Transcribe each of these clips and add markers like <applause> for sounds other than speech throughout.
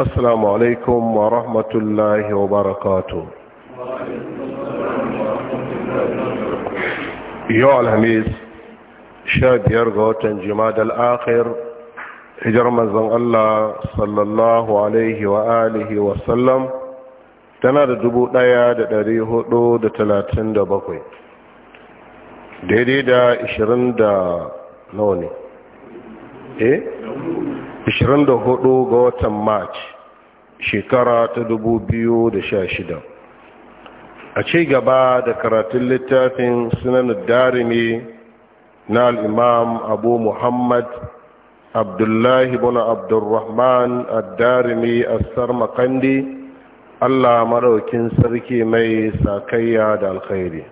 السلام عليكم ورحمة الله وبركاته يا الهميس شاد يرغو تنجماد الآخر hijar manzon Allah sallallahu alaihi wa alihi wa sallam tana da dubu ɗaya da ɗari hudu da talatin da bakwai daidai da ishirin da nawa ne eh 24 ga watan march shekara ta 2016 a ci gaba da karatun littafin sunanar darimi na al'imam abu muhammad abdullahi bin abdurrahman addarimi assar makandi allah maraukin sarki mai sakayya da alkhairi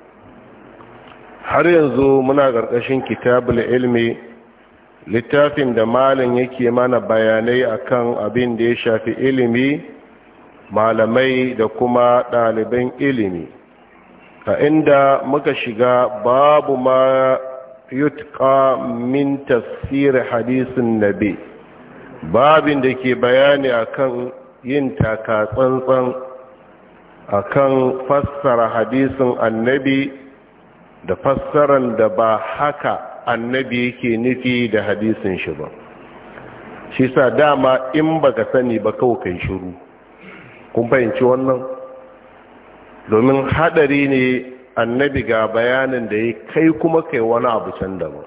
har yanzu muna ƙarƙashin kitabul ilmi littafin da malin yake mana bayanai akan abin da ya shafi ilimi malamai da kuma ɗaliban ilimi a inda muka shiga babu ma yutka min tafsiri hadisin nabi babin da ke bayani akan yin taka tsantsan akan fassara hadisin annabi da fassaran da ba haka annabi yake nufi da hadisin shi ba shi sa dama in baka sani ba kawai shiru kun fahimci wannan domin hadari ne annabi ga bayanin da ya kai kuma kai wani abu can daban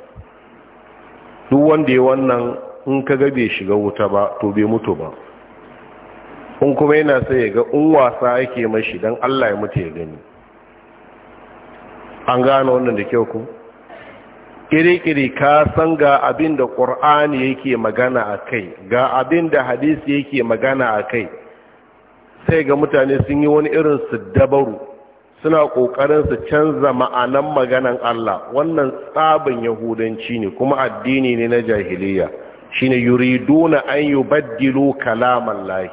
duk wanda ya wannan in ka bai shiga wuta ba to bai mutu ba in kuma yana sai ya ga in wasa yake mashi don allah ya mutu ya gani an gane wannan da kyau kuma kiri-kiri ka san ga abin da ƙur'ani yake magana a kai ga abin da hadisi yake magana a kai sai ga mutane sun yi wani irin su dabaru suna ƙoƙarin su canza ma'anan maganan Allah wannan tsabin yahudanci ne kuma addini ne na jahiliya shine yuriduna an yi baddilo kalaman lahi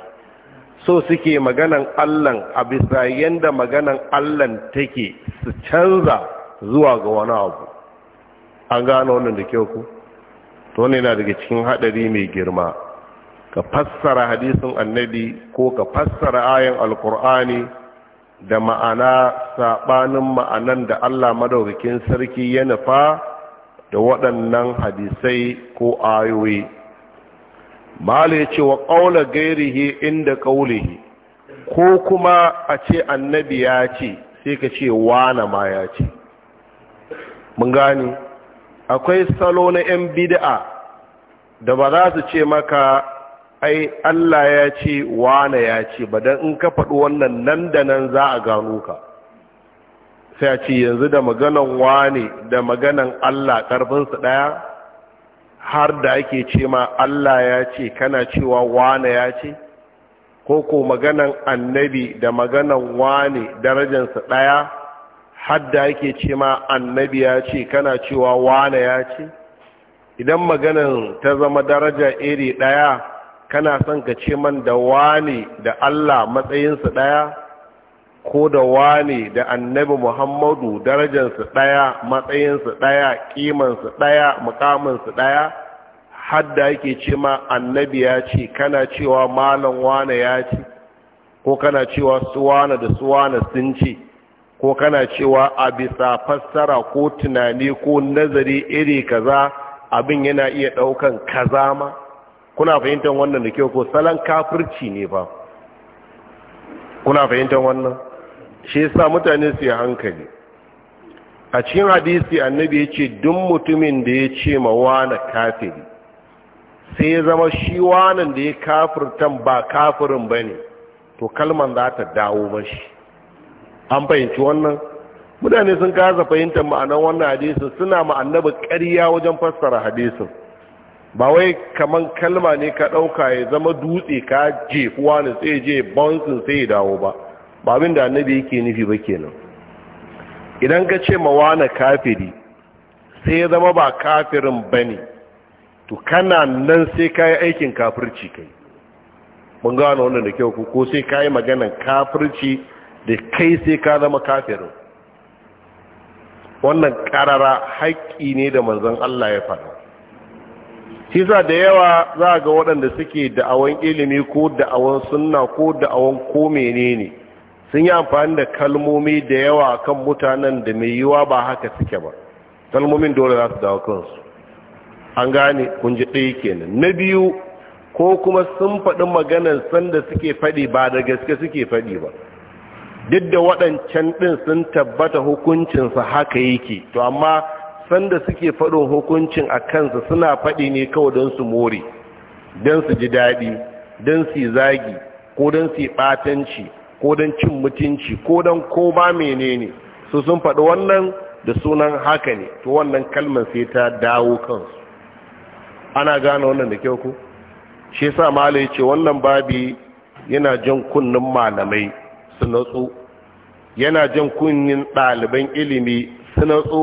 so suke maganan Allah a bisa yanda maganan Allah take su canza zuwa ga wani abu an gano wannan da kyau ku to wannan yana daga cikin hadari mai girma ka fassara hadisin annabi ko ka fassara ayan alkur'ani da ma'ana sabanin ma'anan da Allah madaukakin sarki ya nufa da waɗannan hadisai ko ayoyi mala ya ce wa ƙaula gairihi inda ƙaulihi ko kuma a ce annabi ya ce sai ka ce wana ma ya ce mun gani akwai salo na 'yan bida'a da ba za su ce maka ai Allah ya ce wane ya ce ba don in ka faɗi wannan nan da nan za a gano ka sai a ce yanzu da maganan wane da maganan Allah ƙarfinsu ɗaya har da ake ce ma Allah ya ce kana cewa wane ya ce ko ko maganan annabi da maganan wane darajansa ɗaya hadda yake ce ma annabi ya ce kana cewa wane ya ce idan maganan ta zama daraja iri ɗaya kana son ka ce man da wane da Allah matsayinsu ɗaya ko da wane da annabi muhammadu darajansu ɗaya matsayinsu ɗaya kimansa ɗaya mukaminsu ɗaya hadda yake ce ma annabi ya ce kana cewa malam wane ya ce ko kana cewa suwana da suwana sun ce ko kana cewa a bisa fassara ko tunani ko nazari iri kaza abin yana iya daukan kaza ma kuna fahimtar wannan da kyau ko salon kafirci ne ba kuna fahimtar wannan shi yasa mutane su yi hankali a cikin hadisi annabi ya ce duk mutumin da ya ce ma wani kafiri sai ya zama shi wanan da ya kafirtan ba kafirin ba ne to kalman za ta dawo mashi an fahimci wannan mutane sun kasa fahimtar ma'anar wannan hadisin suna ma'annabi ƙarya wajen fassara hadisin ba wai kamar kalma ne ka ɗauka ya zama dutse ka jefuwa ne sai je bonsin sai ya dawo ba ba abin da annabi yake nufi ba kenan idan ka ce mawana kafiri sai ya zama ba kafirin ba ne to kana nan sai ka yi aikin kafirci kai mun gano wannan da kyau ko sai ka yi maganan kafirci da kai sai ka zama kafirin wannan karara haƙƙi ne da manzon Allah ya faɗa shi za da yawa za ga waɗanda suke da'awan ilimi ko da'awan sunna ko da'awan ko menene sun yi amfani da kalmomi da yawa kan mutanen da mai yiwa ba haka suke ba kalmomin dole za su dawo kansu an gane kun ji ɗaya kenan na biyu ko kuma sun faɗi maganar sanda suke faɗi ba da gaske suke faɗi ba duk da waɗancan ɗin sun tabbata hukuncinsa haka yake to amma sanda suke faɗin hukuncin a kansa suna faɗi ne kawai don su more don su ji daɗi don su zagi ko don su ɓatanci ko don cin mutunci ko don ko ba menene su sun faɗi wannan da sunan haka ne to wannan kalmar sai ta dawo kansu ana gane wannan da kyau ku shi sa malai ce wannan babi yana jan kunnen malamai su natsu yana jan kunnin ɗaliban ilimi su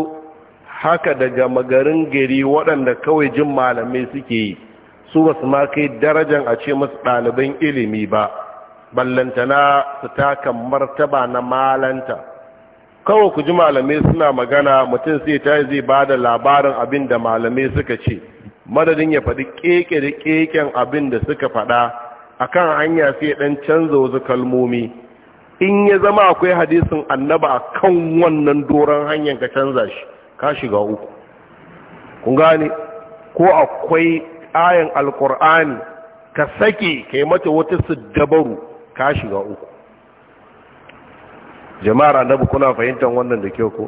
haka daga magarin gari waɗanda kawai jin malamai suke yi su ba su ma kai darajan a ce masu ɗaliban ilimi ba ballantana su taka martaba na malanta kawai ku ji malamai suna magana mutum sai ta zai ba da labarin abin da malamai suka ce madadin ya faɗi keke da keken abin da suka faɗa akan hanya sai ɗan canza wasu kalmomi in ya zama akwai hadisin annaba a kan wannan doron hanyar ka canza shi ka shiga uku kun gane ko akwai ayan alkur'ani ka sake ka yi mata wata siddabaru ka shiga uku jama'ar annabi kuna fahimtar wannan da kyau ko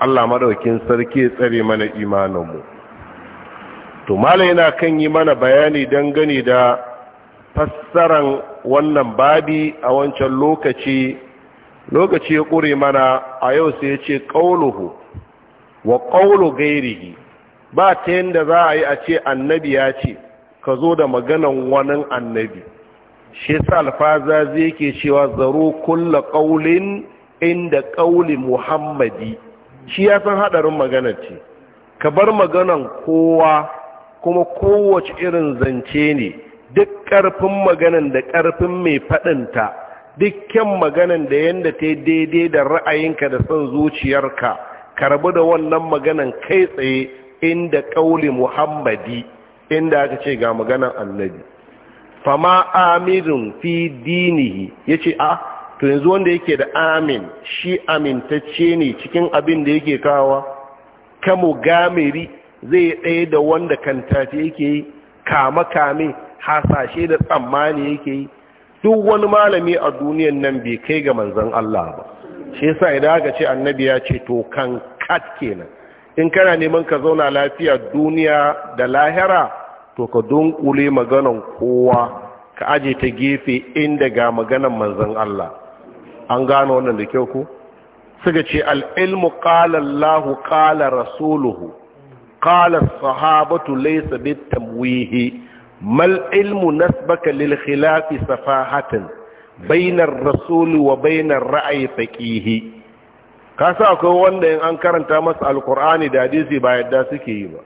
Allah madaukin sarki ya tsare mana imaninmu to malai yana kan yi mana bayani dangane da fassaran wannan babi a wancan lokaci lokaci ya ƙure mana a yau sai ya ce ƙauluhu wa ƙaulu gairihi ba ta yadda za a yi a ce annabi ya ce ka zo da maganan wani annabi shi sa alfaza zai ke cewa zaro kulla ƙaulin inda ƙauli muhammadi shi ya san haɗarin maganar ce ka bar maganan kowa kuma kowace irin zance ne duk ƙarfin maganan da ƙarfin mai faɗinta dukkan maganan da yadda ta daidai da ra'ayinka da son zuciyarka karbi da wannan maganan kai tsaye inda ƙauli muhammadi inda aka ce ga maganan annabi fama amirin fi dinihi ya ce a ah, to yanzu wanda yake da amin shi amintacce ne cikin abin da yake kawa kamo gamiri zai ɗaya da wanda kan tafi yake yi kama kame hasashe da tsammani yake yi duk wani malami a duniyan nan bai kai ga manzan Allah ba shi yasa idan aka ce annabi ya ce to kan kat kenan in kana neman ka zauna lafiya duniya da lahira to ka dunkule maganan kowa ka aje ta gefe inda ga maganan manzan Allah an gano wannan da kyau ko suka ce al'ilmu ƙala Allahu ƙala rasuluhu ƙala sahabatu laisa bitamwihi mal ilmu nasbaka lil khilafi safahatan bainar rasul wa bainar ra'ayi faqihi ka sa akwai wanda in an karanta masa alkur'ani da hadisi ba yadda suke yi ba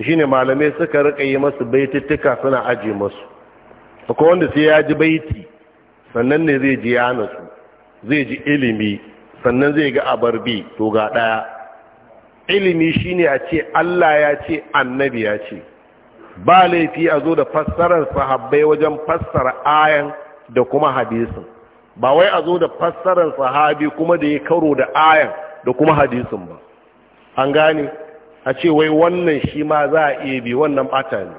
shine malamai suka rika yi masu baitittuka suna aje masu akwai wanda sai ya ji baiti sannan ne zai ji yana su zai ji ilimi sannan zai ga abarbi to ga daya ilimi shine a ce Allah ya ce annabi ya ce ba laifi a zo da fassarar sahabbai wajen fassara ayan da kuma hadisin ba wai a zo da fassarar sahabi kuma da ya karo da ayan da kuma hadisin ba an gane a ce wai wannan shi ma za a iya bi wannan bata ne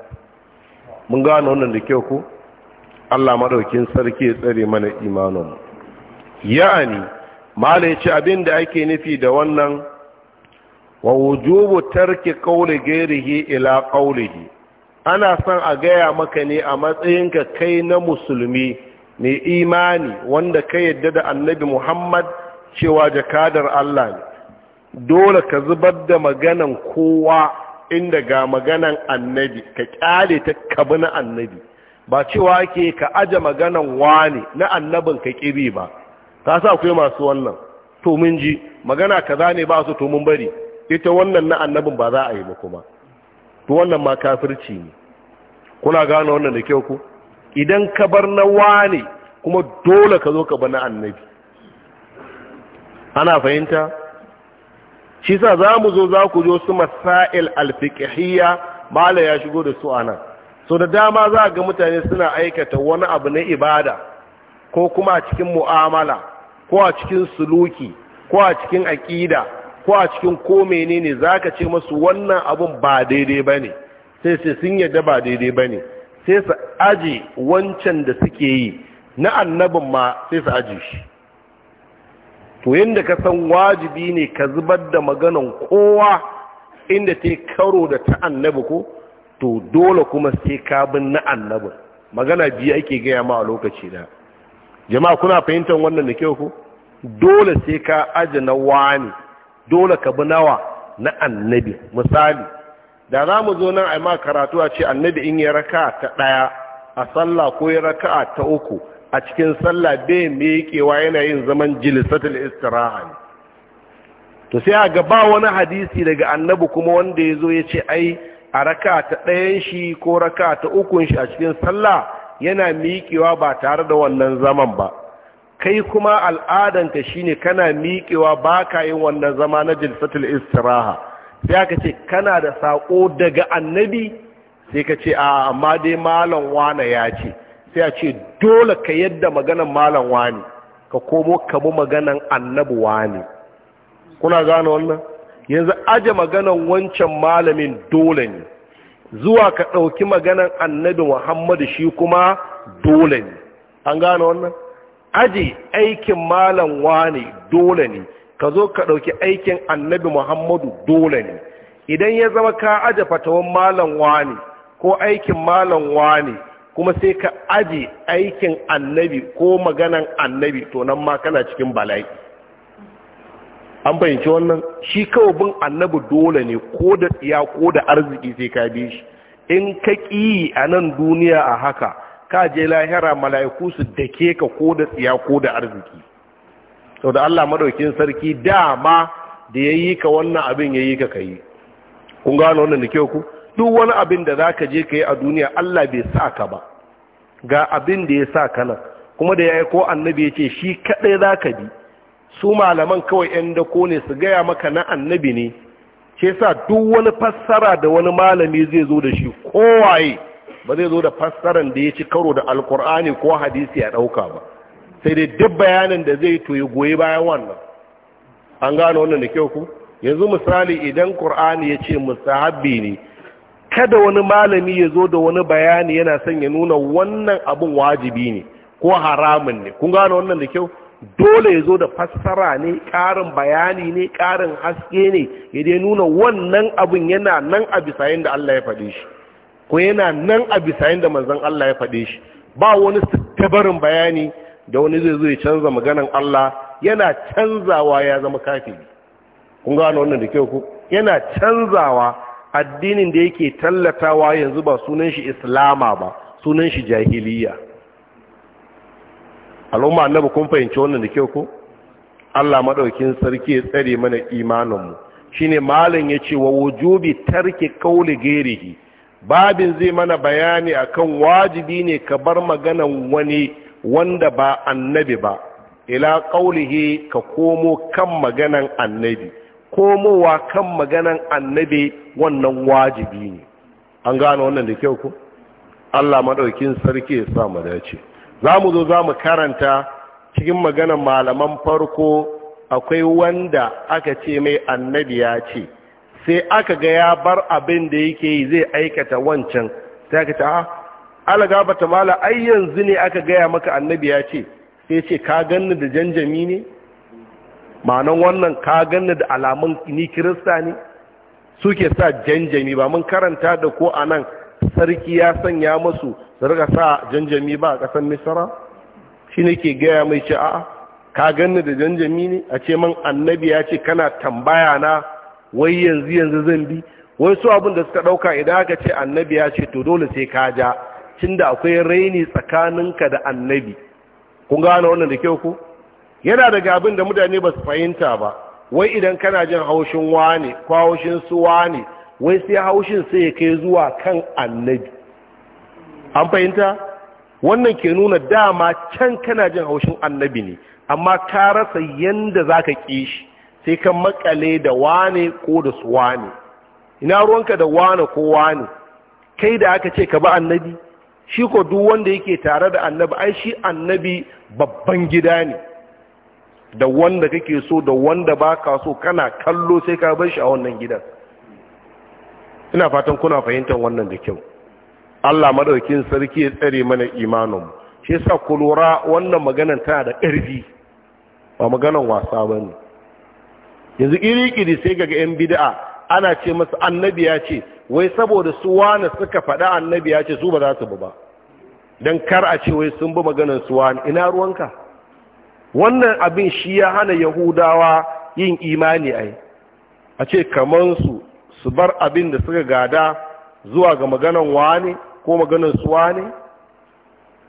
mun gane wannan da kyau ko Allah madaukin sarki ya tsare mana imanin ya'ani mala ce abin da ake nufi da wannan wa wujubu tarki qawli ghairihi ila qawlihi ana son a gaya maka ne a matsayinka kai na musulmi mai imani wanda ka yadda da annabi muhammad cewa jakadar allah ne dole ka zubar da maganan kowa inda ga maganan annabi ka kyale ta kabi na annabi ba cewa ake ka aje maganan wani na annabin ka kiri ba ta sa akwai masu wannan to ji magana kaza ne ba su to bari ita wannan na annabin ba za a yi ba to wannan ma kafirci ne kuna gane wannan da kyau ku idan ka bar na wane kuma dole ka zo ka bar na annabi ana fahimta shi sa za mu zo za ku zo su masail alfikihiyya mala ya shigo da su anan so da dama za ga mutane suna aikata wani abu na ibada ko kuma a cikin mu'amala ko a cikin suluki ko a cikin aƙida ko a cikin ko menene zaka ce masu wannan abun ba daidai bane sai sai sun yadda ba daidai bane sai su aji wancan da suke yi na annabin ma sai su aji shi to yadda ka san wajibi ne ka zubar da maganan kowa inda ta karo da ta annabi ko to dole kuma sai ka bin na annabin magana biyu ake gaya ma a lokaci da jama'a kuna fahimtar wannan da kyau ko dole sai ka aji na wani dole ka bi nawa na annabi misali da za mu zo nan a ma karatu a ce annabi in yi raka ta ɗaya a sallah ko yi raka ta uku a cikin sallah bai miƙewa yana yin zaman jilisatul istiraha ne to sai a gaba wani hadisi daga annabi kuma wanda ya zo ya ce ai a raka ta ɗayan shi ko raka ta ukun shi a cikin sallah yana miƙewa ba tare da wannan zaman ba kai kuma al'adanka shine kana miƙewa ba ka yin wannan zama na jilfatul istiraha sai aka ce kana da sako daga annabi sai ka ce a amma dai malam wane ya ce sai a ce dole ka yadda maganan malam wane ka komo ka bi maganan annabi wane kuna gane wannan yanzu aje maganan wancan malamin dole ne zuwa ka ɗauki maganan annabi muhammadu shi kuma dole ne an gane wannan aji aikin malam wane dole ne ka zo ka ɗauki aikin annabi muhammadu dole ne idan ya zama ka aje fatawan malam wane ko aikin malam wane kuma sai ka aje aikin annabi ko maganan annabi to nan ma kana cikin bala'i an fahimci wannan shi kawo bin annabi dole ne ko da tsiya ko da arziki sai ka bi shi in ka ƙi a nan duniya a haka ka je lahira mala'iku su dake ka ko da tsiya ko da arziki sau da Allah madaukin sarki dama da ya yi ka wannan abin ya yi ka ka yi kun gano wannan da kyau ku duk wani abin da za ka je ka yi a duniya Allah bai sa ka ba ga abin da ya sa ka nan kuma da ya yi ko annabi ya ce shi kaɗai za ka bi su malaman kawai 'yan ko ne su gaya maka na annabi ne ce sa duk wani fassara da wani malami zai zo da shi kowaye ba zai zo da fassaran da ya ci karo da alkur'ani ko hadisi ya ɗauka ba sai dai duk bayanin da zai toye goyi bayan wannan an gano wannan da kyau ku yanzu misali idan kur'ani ya ce musahabbi ne kada wani malami ya zo da wani bayani yana son ya nuna wannan abin wajibi ne ko haramun ne kun gano wannan da kyau dole ya zo da fassara ne ƙarin bayani ne ƙarin haske ne ya dai nuna wannan abin yana nan a bisayen da Allah ya faɗi shi ko yana nan a bisayin da manzon Allah ya faɗe shi ba wani tabarin bayani da wani zai zo ya canza maganan Allah yana canzawa ya zama kafiri kun gano wannan da kyau ku yana canzawa addinin da yake tallatawa yanzu ba sunan shi islama ba sunan shi jahiliya al'umma annabi kun fahimci wannan da kyau ku Allah madaukin sarki ya tsare mana imanin mu shine malam yace wa wujubi tarki qawli ghairihi babin zai mana bayani akan wajibi ne ka bar maganan wani wanda ba annabi ba ila qaulihi ka komo kan maganan annabi komowa kan maganan annabi wannan wajibi ne an gano wannan da kyau ko Allah maɗaukin sarki ya sa mu dace zamu zo zamu karanta cikin maganan malaman farko akwai wanda aka ce mai annabi ya ce sai aka ga ya bar abin da yake yi zai aikata wancan sai aka ce a ah, alaga bata mala ai yanzu ne aka gaya maka annabi ya ce sai ce ka ganni da janjami ne ma'anan wannan ka ganni da alamun ni kirista ne suke sa janjami ba mun karanta da ko a nan sarki ya sanya masu su rika sa janjami ba a ƙasar misra shi ne ke gaya mai ce a ah, ka ganni da janjami ne a ce man annabi ya ce kana tambaya na wai yanzu yanzu zan bi wai su abin da suka ɗauka idan aka ce annabi ya ce to dole sai ka ja tunda akwai raini tsakaninka da annabi kun gane wannan da kyau ko yana daga abin da mutane ba su fahimta ba wai idan kana jin haushin wani ko haushin su wani wai sai haushin sai ya kai zuwa kan annabi an fahimta wannan ke nuna dama can kana jin haushin annabi ne amma ka rasa yanda zaka ƙi shi sai ka makale da wane ko da su wane ina ruwanka da wane ko wane kai da aka ce ka ba annabi shi ko duk wanda yake tare da annabi ai shi annabi babban gida ne da wanda kake so da wanda baka so kana kallo sai ka bar shi a wannan gidan ina fatan kuna fahimtar wannan da kyau Allah madaukin sarki ya tsare mana imanin shi yasa ku wannan maganar tana da ƙarfi ba maganar wasa bane yanzu iri-iri sai ga yan bid'a ana ce masu annabi ya ce wai saboda su wani suka faɗa annabi ya ce su ba za su bu ba don kar a ce wai sun bi maganin su wani ina ruwanka wannan abin shi ya hana yahudawa yin imani ai a ce kamar su bar abin da suka gada zuwa ga maganan wani ko maganin su wani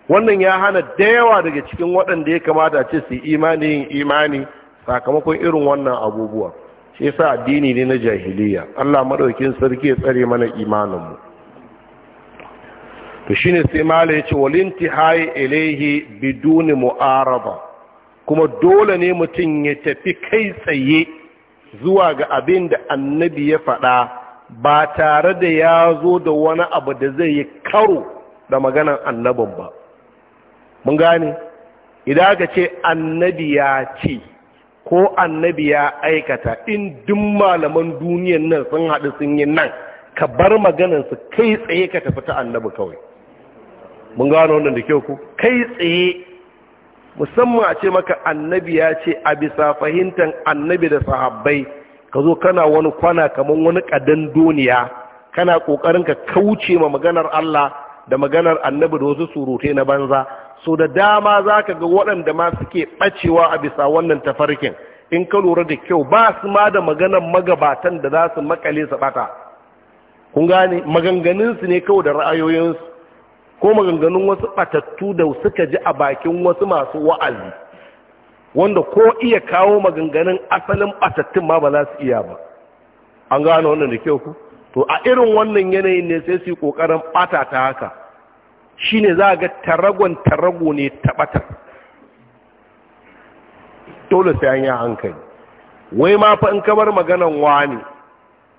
wannan ya hana da yawa daga cikin waɗanda ya kamata a ce su imani yin imani sakamakon irin wannan abubuwa shi sa addini ne na jahiliya Allah maɗaukin sarki ya tsare mana imaninmu. mu to shine sai mala ce walinti hay ilaihi biduni mu'araba kuma dole ne mutum ya tafi kai tsaye zuwa ga abin da annabi ya faɗa ba tare da ya zo da wani abu da zai yi karo da maganan annabin ba mun gane idan aka ce annabi ya ce ko annabi ya aikata in duk malaman duniyan nan sun haɗu sun yi nan ka bar maganarsu kai tsaye ka tafi ta annabi kawai mun gano wannan da kyau ku kai tsaye musamman a ce maka annabi ya ce a bisa fahimtar annabi da sahabbai ka zo kana wani kwana kamar wani kadan duniya kana ƙoƙarin ka kauce ma maganar Allah da maganar annabi da wasu surutai na banza so da dama za ka ga waɗanda ma suke ɓacewa a bisa wannan tafarkin in ka lura da kyau ba su ma da maganan magabatan da za su makale su ɓata kun gane maganganunsu ne kawai da ra'ayoyinsu ko maganganun wasu ɓatattu da suka ji a bakin wasu masu wa'azi wanda ko iya kawo maganganun asalin ɓatattun ma ba za su iya ba an gane wannan da kyau ku to a irin wannan yanayin ne sai su yi ƙoƙarin ɓata ta haka shine za ga taragon tarago ne tabatar dole sai an yi hankali wai ma fa in kamar maganan wani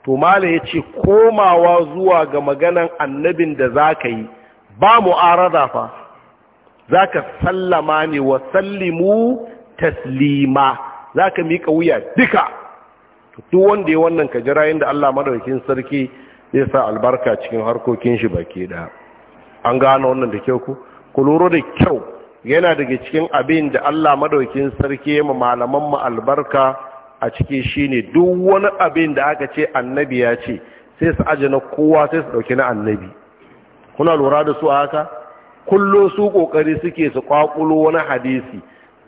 to mala ya ce komawa zuwa ga maganan annabin da za ka yi ba mu'arada fa za ka sallama ne wa sallimu taslima za ka miƙa wuya duka duk wanda ya wannan ka jira yadda Allah madaukin sarki zai sa albarka cikin harkokin shi baki ɗaya an gano wannan da kyau ku ku lura da kyau yana daga cikin abin da Allah madaukin sarki ya malaman mu albarka a ciki shine duk wani abin da aka ce annabi ya ce sai su aje na kowa sai su dauki na annabi kuna lura da su haka kullo su kokari suke su kwakulo wani hadisi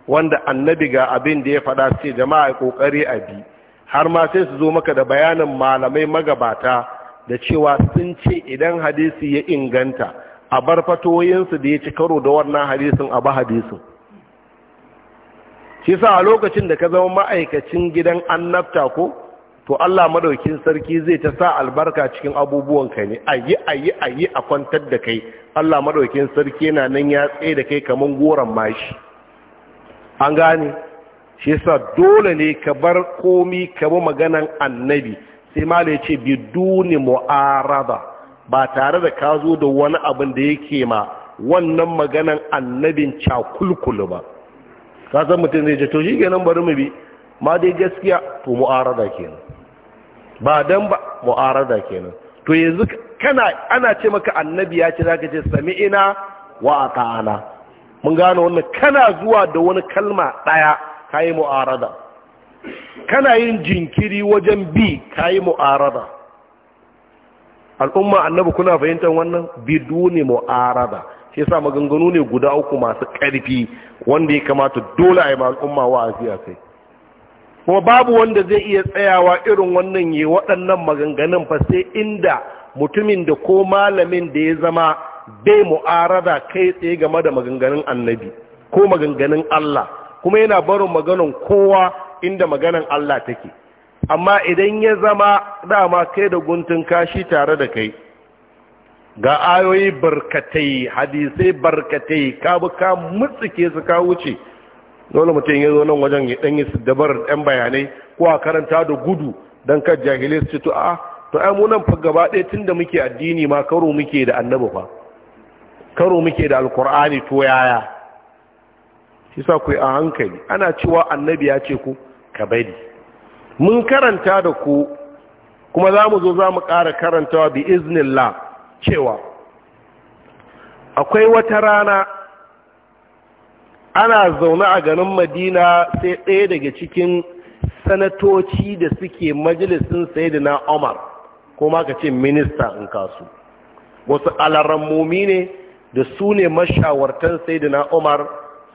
wanda annabi ga abin da ya faɗa ce jama'a kokari a bi har ma sai su zo maka da bayanin malamai magabata da cewa sun ce idan hadisi ya inganta a bar fatoyinsu da ya ci karo da wannan hadisin a ba hadisin shi sa a lokacin da ka zama ma'aikacin gidan annabta ko to Allah madaukin sarki zai ta sa albarka cikin abubuwan ka ne ayi ayi ayi a kwantar da kai Allah madaukin sarki yana nan ya tsaye da kai kamar goron mashi an gane shi sa dole ne ka bar komi ka bi maganan annabi sai ma da ya ce biduni mu'araba. ba tare da ka zo da wani abin da yake ma wannan maganan annabin cakulkulu ba ka san mutum zai ce to shi kenan bari mu bi ma dai gaskiya to mu'arada kenan ba dan ba mu'arada kenan to yanzu kana ana ce maka annabi ya ce zaka ce sami'ina wa ata'ana mun gano wannan kana zuwa da wani kalma daya kai mu'arada kana yin jinkiri wajen bi kai mu'arada al'umma annabi kuna fahimtar wannan biduni mu'arada shi yasa maganganu ne guda uku masu karfi wanda ya kamata dole ayi al'umma wa'azi a kai kuma babu wanda zai iya tsayawa irin wannan yi waɗannan maganganun fa sai inda mutumin da ko malamin da ya zama bai mu'arada kai tsaye game da maganganun annabi ko maganganun Allah kuma yana barin maganan kowa inda maganan Allah take amma idan ya zama dama kai da guntun kashi tare da kai ga ayoyi barkatai hadisai barkatai ka ka su ka wuce dole mutum ya zo nan wajen ya ɗanyi su dabar ɗan bayanai ko a karanta da gudu don kan jahilai su to a to ai mu nan fa gaba ɗaya tun da muke addini ma karo muke da annabi fa karo muke da alkur'ani to yaya shi sa ku a hankali ana cewa annabi ya ce ku ka bari mun karanta da ku kuma za mu zo za mu ƙara karantawa bi iznillah cewa akwai wata rana ana zaune a ganin madina sai ɗaya daga cikin sanatoci da suke majalisun na omar ko ka ce minista in kasu wasu alarammomi ne da su ne mashawartan na omar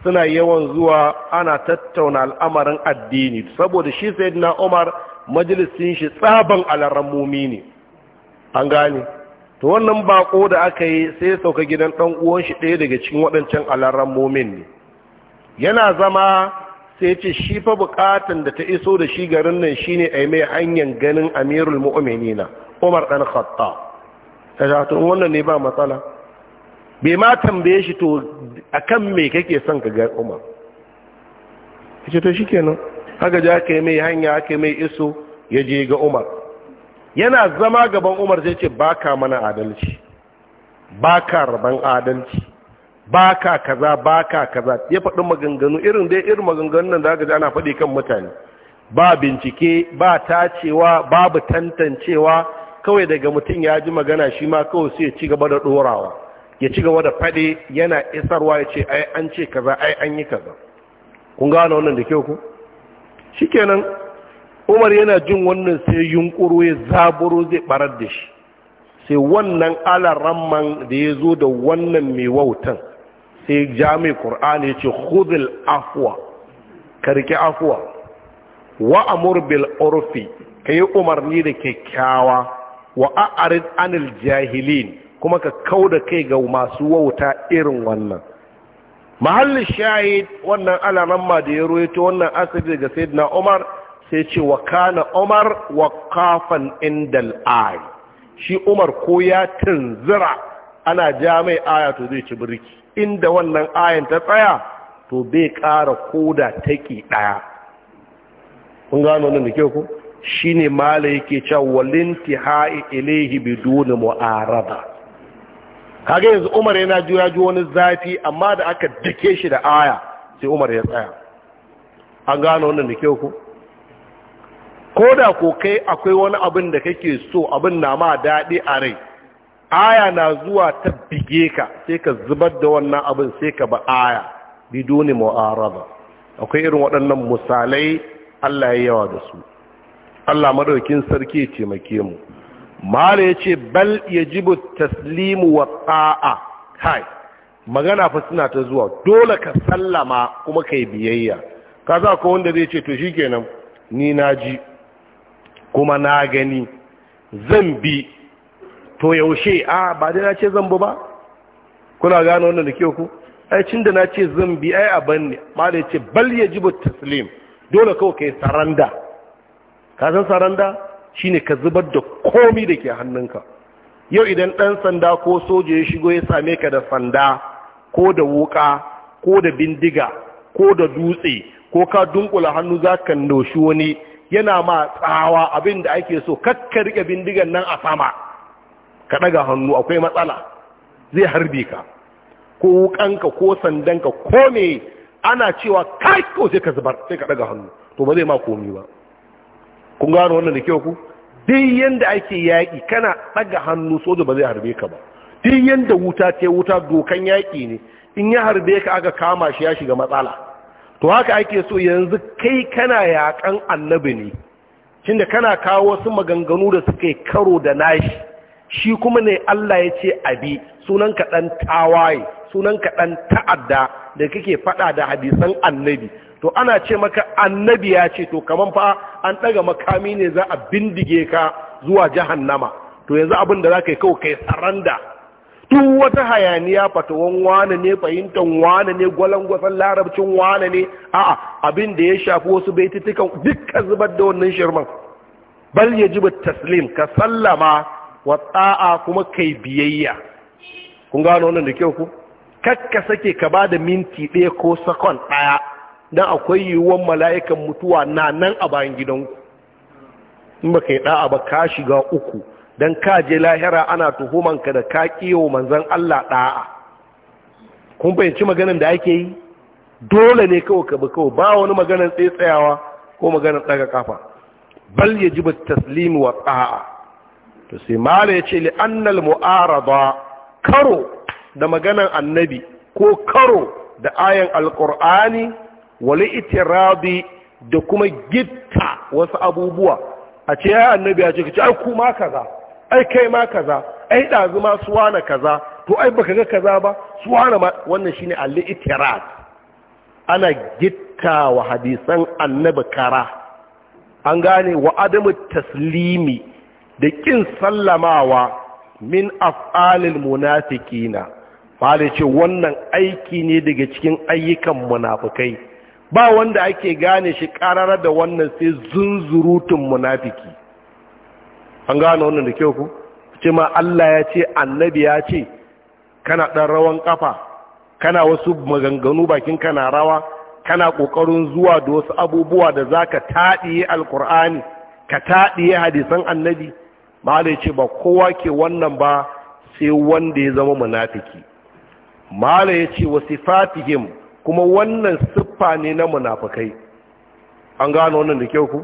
suna yawan zuwa ana tattauna al'amarin addini saboda shi sayyidina Umar majalisin shi tsaban alarammomi ne an gane to wannan bako da aka yi sai ya sauka gidan ɗan uwan shi ɗaya daga cikin waɗancan alarammomin ne yana zama sai ce shi fa bukatun da ta iso da shi garin nan shine ai mai hanyar ganin amirul mu'minina umar dan Khattab ta to wannan ne ba matsala bai ma tambaye shi to A kan me kake son ka ga umar ce to shi shikenan haka aka yi mai hanya aka mai iso ya je ga umar yana zama gaban umar zai ce ba ka mana adalci Ba ka raban adalci Ba baka kaza ka kaza ya faɗi maganganu irin dai irin maganganun nan da aka ji ana faɗi kan mutane ba bincike ba tacewa babu tantancewa kawai daga mutum ya ji magana shi ma kawai sai ya ci gaba da ɗorawa ya ci gaba da fade yana isarwa ya ce ai an ce kaza ai an yi kaza kun gane wannan da kyau ku shikenan Umar yana jin wannan sai yunkuro ya zaburo zai barar da shi sai wannan alaramman da ya zo da wannan mai wautan sai jami ƙur'ani ce hudul afuwa karki afuwa wa amur bil urfi ka yi umarni da kyakkyawa wa a'arid anil jahilin kuma ka kau da kai ga masu wauta irin wannan mahallin shahid wannan ma da ya roito wannan asibi daga na umar sai ce wa kana umar wa kafan indal ayi shi umar ko ya tunzira ana ja mai aya to zai ci birki inda wannan ayan ta tsaya to bai ƙara koda taki ɗaya kun gano nan da ke ku shine mala yake cewa walinti ha'i ilaihi biduni mu'arada kage yanzu umar yana ji ya ji wani zafi amma da aka dake shi da aya sai umar ya tsaya an gano wannan da ke ku ko da ko kai akwai wani abin da kake so abin na ma daɗi a rai aya na zuwa ta bige ka sai ka zubar da wannan abin sai ka ba aya biduni mu'araba akwai irin waɗannan misalai Allah ya yawa da su Allah madaukin sarki ya taimake mu mala ya ce bal ya jibu taslimu wa ta'a kai magana fa suna ta zuwa dole ka sallama kuma ka yi biyayya ka za ko wanda zai ce to shi kenan ni na ji kuma na gani zan bi to yaushe a ba dai na ce zan bu ba kuna gano wanda da ke ku ai cin da na ce zan bi ai a banne mala ya ce bal ya jibu taslim dole kawai ka yi saranda ka san saranda shine ka zubar da komi da ke hannunka yau idan ɗan sanda ko soja ya shigo ya same ka da sanda ko da wuka ko da bindiga ko da dutse ko ka dunkula hannu za ka noshi wani yana ma tsawa abin da ake so kakka rike bindigan nan a sama ka ɗaga hannu akwai matsala zai harbe ka ko wukanka ko sandanka ko me ana cewa kai ko sai ka zubar sai ka ɗaga hannu to ba zai ma komi ba kun gano wannan da kyau ku din yanda ake yaƙi kana ɗaga hannu soja ba zai harbe ka ba duk yanda wuta ce wuta dokan yaƙi ne in ya harbe ka aka kama shi ya shiga matsala to haka ake so yanzu kai kana yaƙan annabi ne tunda kana kawo wasu maganganu da suka karo da nashi shi kuma ne Allah ya ce abi sunan ka dan tawaye sunan ka dan ta'adda da kake fada da hadisan annabi to ana ce maka annabi ya ce to kaman fa an daga makami ne za a bindige ka zuwa jahannama to yanzu abin da za ka yi kawai kai saranda Tun wata hayaniya fatawan wane ne fahimtar wane ne gwalangwasan larabcin wane ne a'a abin da ya shafi wasu baitutukan dukkan zubar da wannan shirman bal yajibu taslim ka sallama wa tsa'a kuma kai biyayya kun gano wannan da kyau ku kakka sake ka ba da minti ɗaya ko sakon ɗaya dan akwai yiwuwar mala'ikan mutuwa na nan a bayan gidanku in baka yi ba ka shiga uku dan ka je lahira ana tuhumanka da ka kiyo manzan Allah da'a kun fahimci maganar da ake yi dole ne kawai ka bi kawai ba wani maganar tsayawa ko maganar ɗaga kafa bal yajibu taslim wa ta'a to sai mala yace li annal mu'arada karo da maganan annabi ko karo da ayan alqur'ani wali itirabi da kuma gitta wasu abubuwa a ce ya annabi ya ce ka ce ai ku ma kaza ai kai ma kaza ai ɗazu ma na kaza to ai baka ga kaza ba suwana ma wannan shine alli itirab ana gitta wa hadisan annabi kara an gane wa adamu taslimi da kin sallamawa min af'alil munafiqina malai ce wannan aiki ne daga cikin ayyukan munafikai ba wanda ake gane shi karara da wannan sai zunzurutun munafiki an gane wannan da kyau ku ce ma Allah ya ce annabi ya ce kana ɗan rawan ƙafa kana wasu maganganu bakin kana rawa kana ƙoƙarin zuwa da wasu abubuwa da za ka taɗiye alƙur'ani ka taɗiye hadisan annabi mahala ce ba kowa ke wannan ba sai wanda ya zama munafiki mahala ya ce wa kuma wannan siffa ne na munafukai an gano wannan da kyau ku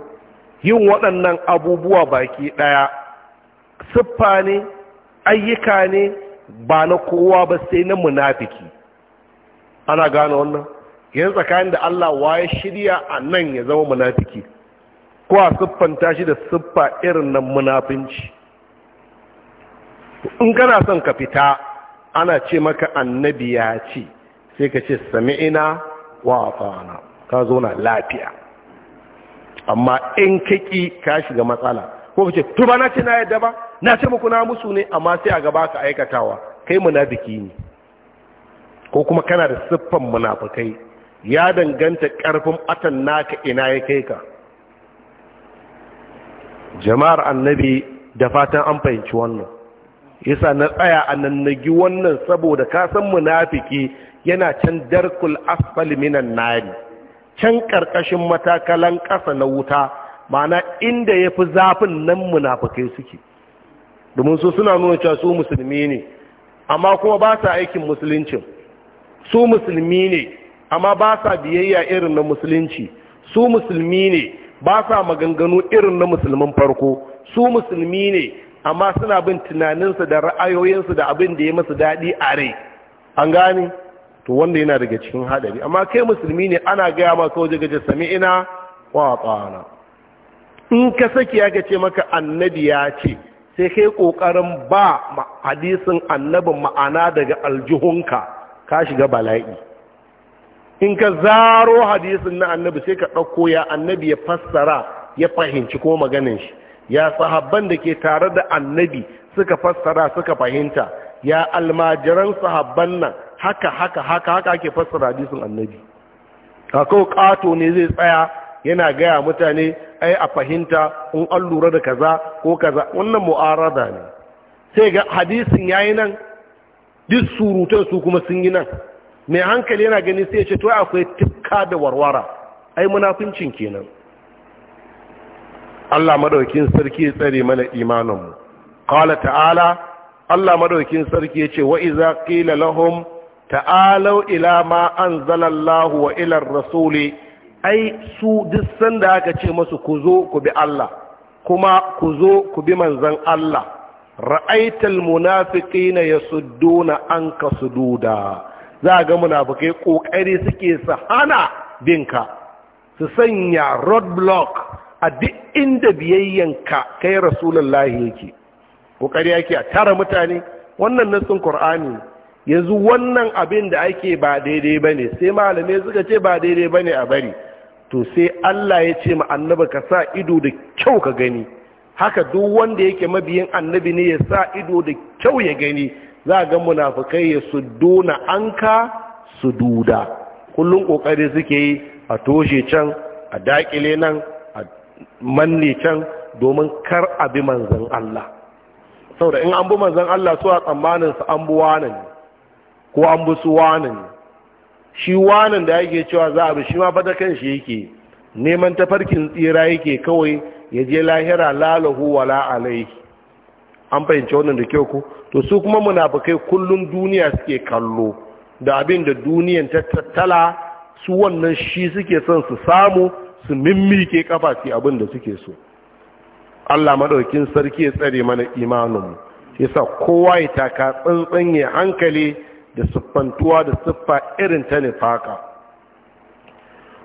yin waɗannan abubuwa baki ɗaya siffa ne ayyuka ne ba na kowa ba sai na munafiki ana gano wannan yanzu tsakanin da Allah waye shirya a nan ya zama munafiki ko a siffanta shi da siffa irin nan munafinci in kana son ka fita ana ce maka annabi ya ce sai ka ce sami'ina wa fa'ana ka zauna lafiya amma in kaki ka shiga matsala ko ka ce to ba na ce na yadda ba na ce muku na musu ne amma sai a gaba ka aikatawa kai munafiki ne ko kuma kana da siffan munafikai ya danganta karfin atan naka ina ya kai ka jama'ar annabi da fatan an fahimci wannan yasa na tsaya a nagi wannan saboda ka san munafiki yana can darkul asfal minan nari can karkashin matakalan ƙasa na wuta mana inda yafi zafin nan munafukai suke domin su suna nuna cewa su musulmi ne amma kuma ba sa aikin musuluncin su musulmi ne amma ba sa biyayya irin na musulunci su musulmi ne ba sa maganganu irin na musulmin farko su musulmi ne amma suna bin tunaninsu da ra'ayoyinsu da abin da ya masu daɗi a rai an gani. to wanda yana daga cikin hadari amma kai musulmi ne ana gaya maka waje gaje sami'ina wa ta'ana in ka saki ya ce maka annabi ya ce sai kai kokarin ba hadisin annabin ma'ana daga aljihunka ka shiga bala'i in ka zaro hadisin na annabi sai ka ɗauko ya annabi ya fassara ya fahimci ko maganin shi ya sahabban da ke tare da annabi suka fassara suka fahimta ya almajiran sahabban nan haka haka haka haka ake fassara hadisin annabi kakau kato ne zai tsaya yana gaya mutane ai a fahimta in an lura da kaza ko kaza wannan mu'arada ne sai ga hadisin yayi nan duk surutan su kuma sun yi nan mai hankali yana gani sai ya ce to akwai tukka da warwara ai munafincin kenan Allah madaukin sarki ya tsare mana imanin mu qala ta'ala Allah madaukin sarki ya ce wa iza qila lahum ta'alau ila ma anzalallahu wa ila rasuli ai su duk sanda aka ce masu ku zo ku bi Allah kuma ku zo ku bi manzon Allah ra'aital munafiqina yasudduna anka sududa za ga munafikai kokari suke su hana binka su sanya block a duk inda biyayyanka kai rasulullahi yake kokari yake a tara mutane wannan nassin qur'ani yanzu wannan abin da ake ba daidai ba ne sai malamai suka ce ba daidai ba ne a bari to sai Allah ya ce ma annaba ka sa ido da kyau ka gani haka duk wanda yake mabiyin annabi ne ya sa ido da kyau ya gani za a ga munafukai ya su suduna anka duda. kullum kokari suke yi a toshe can a dakile nan a manne can domin kar abi manzon Allah saboda in an bi manzon Allah su a tsammanin su an buwa ne ko an bi su wanin shi wanin da yake cewa za a bi shi ma fata kan shi yake neman tafarkin tsira yake kawai ya je lahira lalahu wala alaihi an fahimci wannan da kyau ko to su kuma munafukai kullum duniya suke kallo da abin da duniyan ta tattala su wannan shi suke son su samu su mimmike kafa su abin da suke so Allah maɗaukin sarki ya tsare mana imanin mu yasa kowa ya taka tsantsan ya hankali da siffantuwa da siffa irin ta nifaka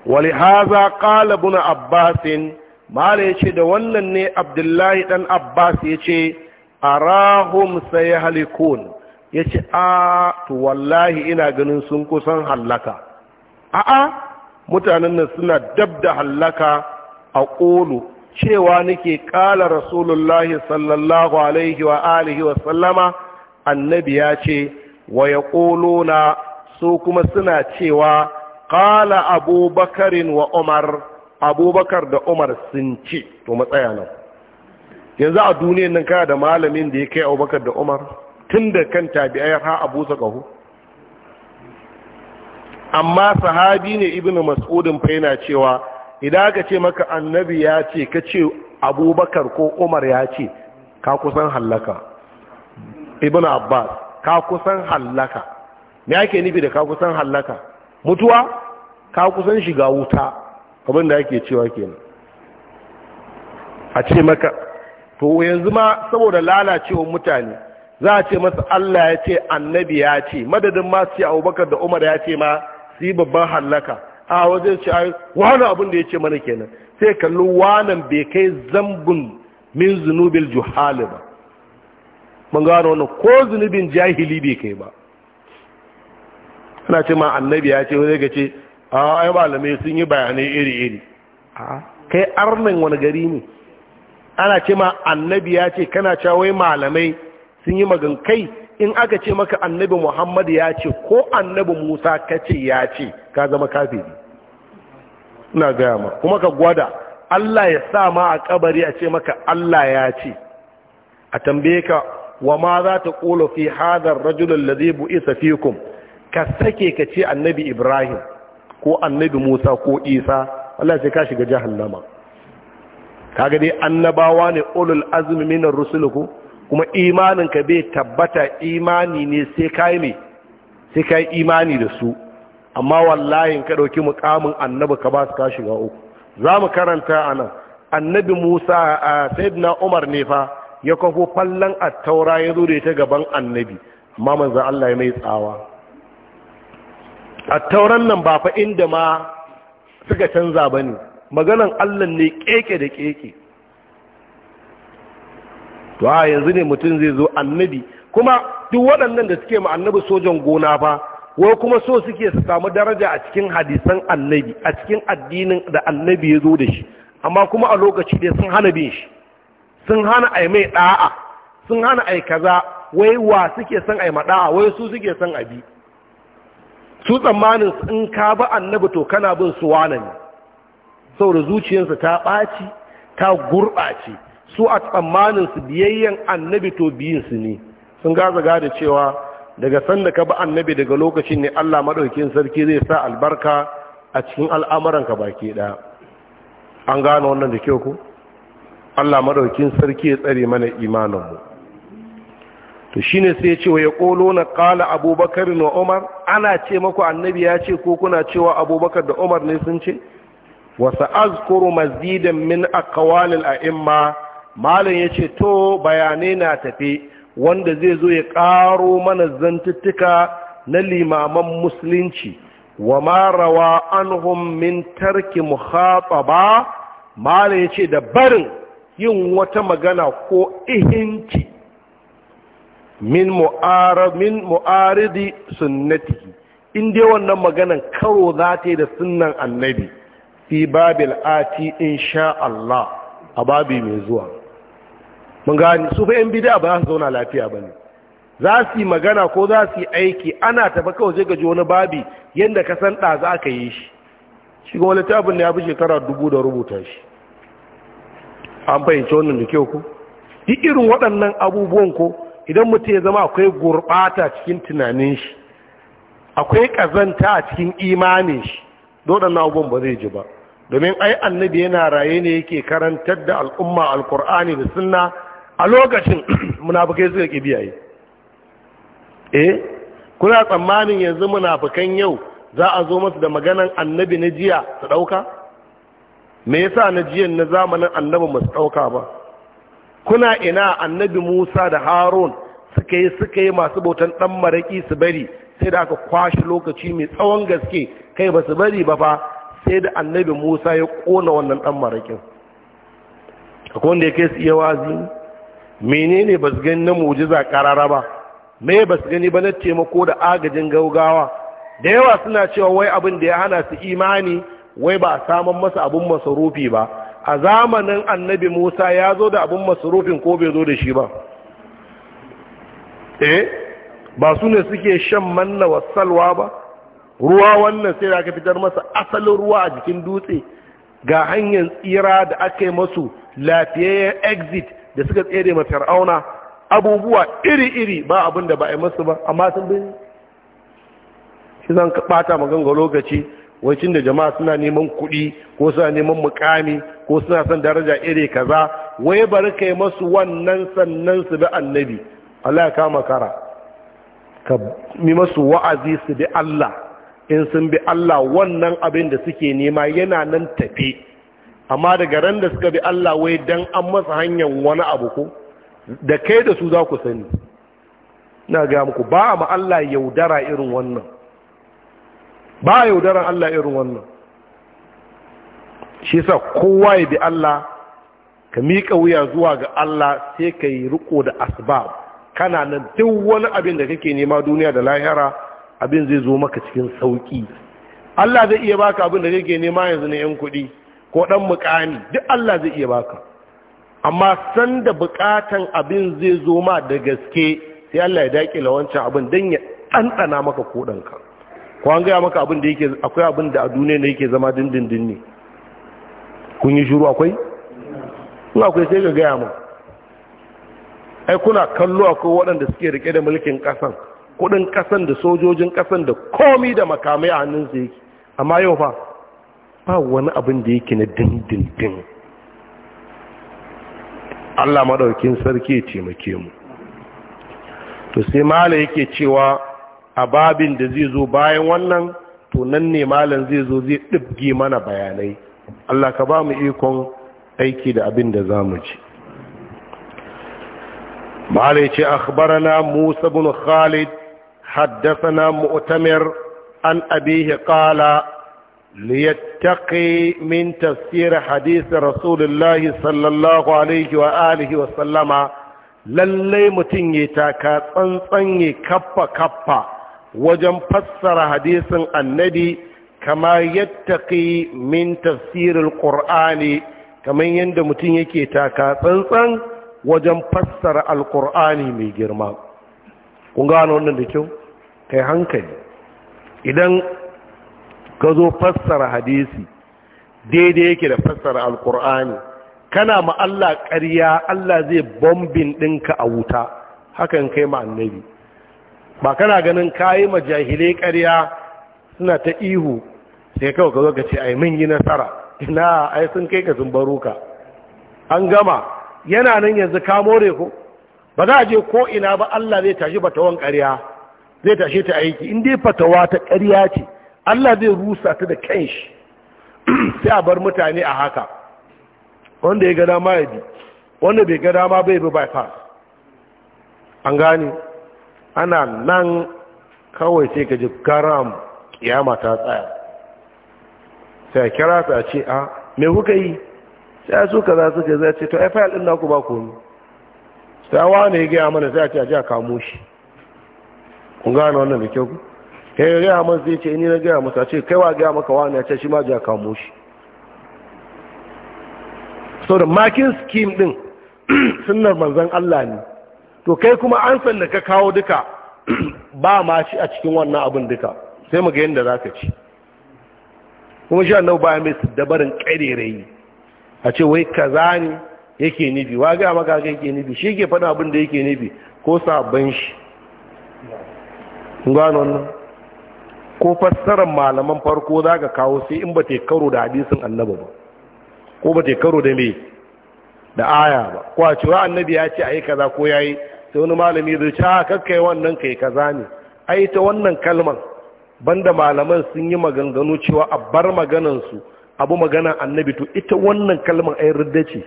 walihaza qala abbasin abbas ya ce da wannan ne abdullahi dan abbas ya ce. yace arahum ya yace a wallahi ina ganin sun kusan hallaka a'a mutanen nan suna dab da hallaka a ƙolu cewa nake ƙala rasulullahi sallallahu alaihi wa alihi wa sallama annabi ya ce wa ya na su kuma suna cewa ƙala abubakarin wa umar abubakar da umar sun ce to matsaya nan yanzu a duniyan nan kana da malamin da ya kai abubakar da umar tun da kan ayar ha abu sakahu amma sahabi ne ibnu mas'udin fa cewa idan aka ce maka annabi ya ce ka ce abubakar ko umar ya ce ka kusan hallaka Ibn abbas ka kusan hallaka me ake nufi da ka kusan hallaka mutuwa ka kusan shiga wuta abin da ake cewa kenan a ce maka to yanzu ma saboda lalacewar mutane za a ce masa Allah ya ce annabi ya ce madadin ma su abubakar da umar ya ce ma su yi babban hallaka a wajen ce ai wani abin da ya ce mana kenan sai kalli wanan bai kai zambun min zunubil juhali ba mun gano wannan ko zunubin jahili bai kai ba ana ce ma annabi ya ce wani ga ce a ai malamai sun yi bayanai iri-iri kai arnin wani gari ne ana ce ma annabi ya ce kana cawai malamai sun yi magan kai in aka ce maka annabi muhammadu ya ce ko annabi musa ka ce ya ce ka zama kafiri ina gaya ma kuma ka gwada allah ya sa ma a kabari a ce maka allah ya ce a tambaye ka Wama ma za ta ƙolo fi hadar rajulun da zai bu'isa fikum ka sake ka ce annabi ibrahim ko annabi musa ko isa Allah sai ka shiga jahannama kaga dai annabawa ne ulul azmi minar rusuluku kuma imanin ka bai tabbata imani ne sai kai me imani da su amma wallahi ka ɗauki mukamin annabi ka ba su ka shiga uku zamu karanta anan annabi Musa sayyidina Umar ne fa ya kwafo fallon attaura ya zo da ta gaban annabi ma za Allah ya mai tsawa attauran nan ba fa inda ma suka canza ba ne maganan Allah ne keke da keke to a yanzu ne mutum zai zo annabi kuma duk waɗannan da suke ma annabi sojan gona fa wai kuma so suke su samu daraja a cikin hadisan annabi a cikin addinin da annabi ya zo da shi amma kuma a lokaci dai sun hana bin shi sun hana a mai ɗa'a sun hana a kaza wai wa suke son a yi maɗa'a wai su suke son a bi su tsammanin in ka ba annabi to kana bin su wane ne saboda zuciyarsu ta ɓaci ta gurɓaci. su a tsammanin su biyayyen annabi to biyin su ne sun gaza gada cewa daga sanda ka ba annabi daga lokacin ne Allah maɗaukin sarki zai sa albarka a cikin al'amuranka baki ɗaya an gane wannan da kyau ku Allah madaukin sarki ya tsare mana imaninmu to shine sai ya ce na kala qala abubakar wa umar ana ce maku annabi ya ce ko kuna cewa abubakar da umar ne sun ce wa azkuru mazidan min aqwalil a'imma malam yace to bayanai na tafi wanda zai zo ya ƙaro mana zantuttuka na limaman musulunci wa marawa anhum min tarki muhataba malam yace da barin yin wata magana ko ihinci min mu'aridi sunnati in dai wannan maganan karo za ta yi da sunan annabi fi babil ati insha Allah a babi mai zuwa mun gani su fa yan bid'a ba za su zauna lafiya bane za su yi magana ko za su yi aiki ana tafi kawai zai gaji wani babi yadda ka san ɗa za ka yi shi shi ga wani tabin ne ya fi shekara dubu da rubuta shi an fahimci wannan da kyau ku? duk irin waɗannan abubuwan ko idan mutum ya zama akwai gurɓata cikin tunanin shi akwai ƙazanta a cikin imanin shi waɗannan abubuwan ba zai ji ba domin ai annabi yana raye ne yake karantar da al'umma alkur'ani da sunna a lokacin <clears throat> munafukai suka ƙi biyaye eh kuna tsammanin yanzu munafukan yau za a zo masu da maganan annabi na jiya su ɗauka me yasa na jiyan na zamanin annabi masu ɗauka ba kuna ina annabi musa da harun suka yi suka yi masu bautan ɗan maraki su bari sai da aka kwashe lokaci mai tsawon gaske kai ba su bari ba fa sai da annabi musa ya kona wannan ɗan maraƙin akwai wanda ya su iya wazi menene ba su gani na mujiza ƙarara ba me ba su gani ba na taimako da agajin gaugawa da yawa suna cewa wai abin da ya hana su imani wai ba saman masa abin masarufi ba a zamanin annabi musa ya zo da abin masarufin ko bai zo da shi ba eh ba su ne suke shan manna wasalwa ba ruwa wannan sai da aka fitar masa asalin ruwa a jikin dutse ga hanyar tsira da aka yi masu lafiyayyen exit da suka tsere ma fir'auna abubuwa iri-iri ba abin da ba a yi masu ba amma sun bin shi zan bata maganga lokaci wacin da jama'a suna neman kuɗi ko suna neman mukami ko suna son daraja iri kaza wai bari kai masu wannan sannan su bi annabi Allah ya kama kara ka mi masu wa'azi su bi Allah in sun bi Allah wannan abin da suke nema yana nan tafi amma daga ran da suka bi Allah wai dan an masa hanyar wani abu ko da kai da su za ku sani na ga muku ba ma Allah yaudara irin wannan ba yaudaran Allah irin wannan shi sa kowa ya bi Allah ka miƙa wuya zuwa ga Allah sai ka yi riko da asbab kana nan duk wani abin da kake nema duniya da lahira abin zai zo maka cikin sauƙi Allah zai iya baka abin da kake nema yanzu na 'yan kuɗi ko ɗan mukami duk Allah zai iya baka amma sanda da buƙatan abin zai zo ma da gaske sai Allah ya daƙila wancan abin don ya ɗanɗana maka koɗanka. ko an gaya maka abin da yake akwai abin da a duniya ne yake zama dindindin ne kun yi shiru akwai in akwai sai ga gaya mu ai kuna kallo akwai waɗanda suke rike da mulkin ƙasan kuɗin ƙasan da sojojin ƙasan da komi da makamai a hannun su yake amma yau fa ba wani abin da yake na dindindin Allah madaukin sarki ya taimake mu to sai mala yake cewa a babin da zai zo bayan wannan to nan ne malam zai zo zai ɗibge mana bayanai Allah ka ba mu ikon aiki da abin da za mu ci malai ce akhbarana musa bin khalid haddasana mu'tamir an abihi qala liyattaqi min tafsir hadith rasulullah sallallahu alaihi wa alihi wa sallama lallai mutum ya taka tsantsan ya kaffa kaffa wajen fassara hadisin annabi kama yattaki min tafsiril qur'ani kamar yadda mutum yake taka tsantsan wajen fassara alqur'ani mai girma kun gano wannan da kyau kai hankali idan ka zo fassara hadisi daidai yake da fassara alkur'ani kana ma Allah ƙarya Allah zai bombin ɗinka a wuta hakan kai ma annabi ba kana ganin kayi majahilai ƙarya suna ta ihu sai kawai ka zo ka ce aimin yi nasara ina ai sun kai ka sun baro ka an gama yana nan yanzu kamo re ko ba za a je ko ina ba Allah zai tashi fatawan ƙarya zai tashi ta aiki in dai fatawa ta ƙarya ce Allah zai rusa ta da kanshi <clears throat> sai a bar mutane a haka wanda ya ga dama ya bi wanda bai ga dama bai bi bypass an gane ana nan kawai sai ka ji garam kiyama ta tsaya sai kira ta ce a ah, me kuka yi sai su kaza suka zai ce to ai fayil na naku ba komi sai wani ya gaya mana sai a ce a ji a kamo shi kun gane wannan da kyau kai yi gaya mana zai ce ni na gaya masa ce kai wa gaya maka wani ya ce shi ma ji a kamo shi so da makin scheme din <clears throat> sunar manzan Allah ne to kai kuma an san da ka kawo duka <clears throat> ba ma shi a cikin wannan abin duka sai mu ga yadda za ka ci kuma shi annabu baya mai su dabarin ƙarerayi a ce wai kaza ne yake nufi wa ga maka yake nufi shi ke faɗin abin da yake nufi ko sabon shi gano wannan ko fassarar malaman farko za ka kawo sai in ba te karo da hadisin annaba ba ko ba te karo da me da aya ba ko a cewa annabi ya ce a yi kaza ko ya yi sai wani malami zai ce a ah, kakkai wannan kai kaza ne ai ta wannan kalman banda malaman sun yi maganganu cewa a bar maganansu abu maganan annabi to ita wannan kalman ai ridda ce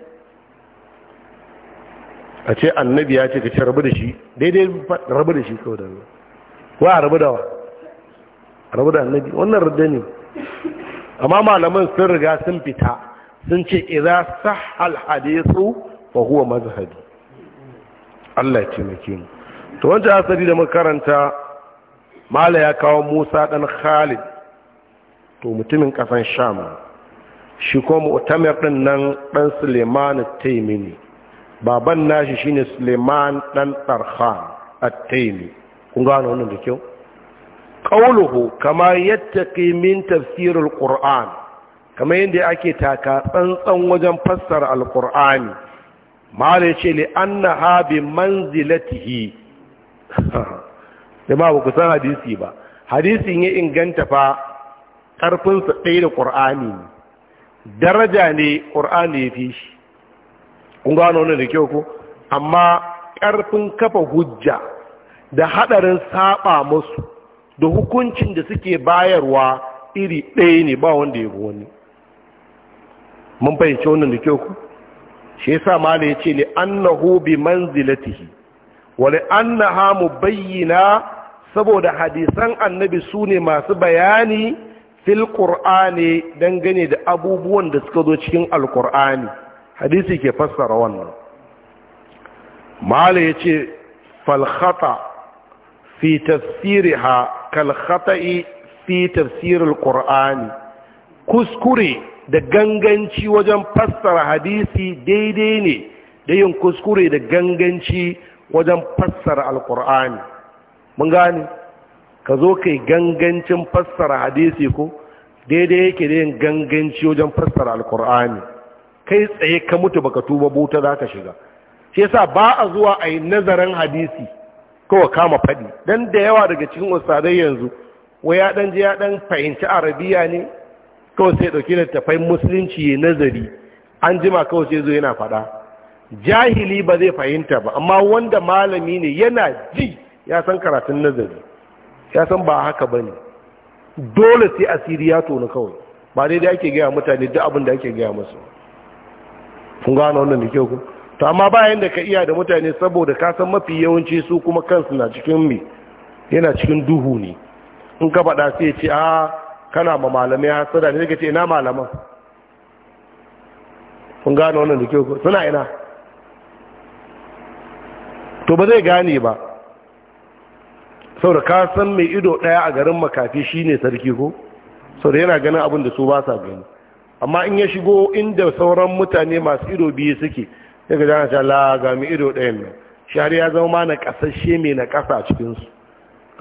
a ce annabi ya ce ka ce rabu da shi daidai rabu da shi kawai da Allah wa rabu da wa rabu da annabi wannan ridda ne amma malaman sun riga sun fita sun ce idan sahal al hadithu fa huwa mazhabi Allah ya taimake mu to wancan asali da makaranta mala ya kawo Musa dan Khalid to mutumin kasan Sham shi ko mu'tamir din nan dan Suleiman Taimini baban nashi shine Suleiman dan Tarhan At-Taimi kun gano wannan da kyau qawluhu kama yattaqi min tafsir al-Qur'an kama yanda ake taka tsantsan wajen fassara al-Qur'ani mala ya ce li'anna ha bi manzilatihi da <laughs> ma ba ku san hadisi ba Hadisi ya inganta fa ƙarfinsa ɗaya da ƙur'ani daraja ne ƙur'ani ya fi shi kun gano wani da kyau ku? amma ƙarfin kafa hujja da haɗarin saɓa musu da hukuncin da suke bayarwa iri ɗaya ne ba wanda ya wani mun fahimci wannan da kyau ku shi yasa mala yace li annahu bi manzilatihi wa li annaha mubayyina saboda hadisan annabi sune masu bayani fil qur'ani dangane da abubuwan da suka zo cikin alqur'ani hadisi ke fassara wannan mala yace fal khata fi tafsirha kal khata'i fi tafsir alqur'ani kuskure da ganganci wajen fassara hadisi daidai ne da yin kuskure da ganganci wajen fassara alkur'ani mun gane ka zo kai gangancin fassara hadisi ko daidai yake da yin ganganci wajen fassara alkur'ani kai tsaye ka mutu baka tuba buta za ka shiga shi yasa ba a zuwa a yi nazarin hadisi kawai kama faɗi don da yawa daga cikin ustadai yanzu wai ya ɗan je ya ɗan fahimci arabiya ne kawai sai ɗauki tafai musulunci ya nazari an jima kawai sai zo yana faɗa jahili ba zai fahimta ba amma wanda malami ne yana ji ya san karatun nazari ya san ba haka ba ne dole sai asiri ya tonu kawai ba dai da ake gaya mutane duk abin da ake gaya musu kun gano wannan da kyau ku to amma bayan da ka iya da mutane saboda ka san mafi yawanci su kuma kansu na cikin me yana cikin duhu ne in ka faɗa sai ce a ah, kana ma malamai hasada ne kace ina malaman kun gane wannan da kyau suna ina to ba zai gane ba saboda ka san mai ido daya a garin makafi shine sarki ko saboda yana ganin abin da su ba sa gani amma in ya shigo inda sauran mutane masu ido biyu suke ga jana ta la ga mai ido ɗayan nan shari ya zama na kasashe mai na kasa a cikinsu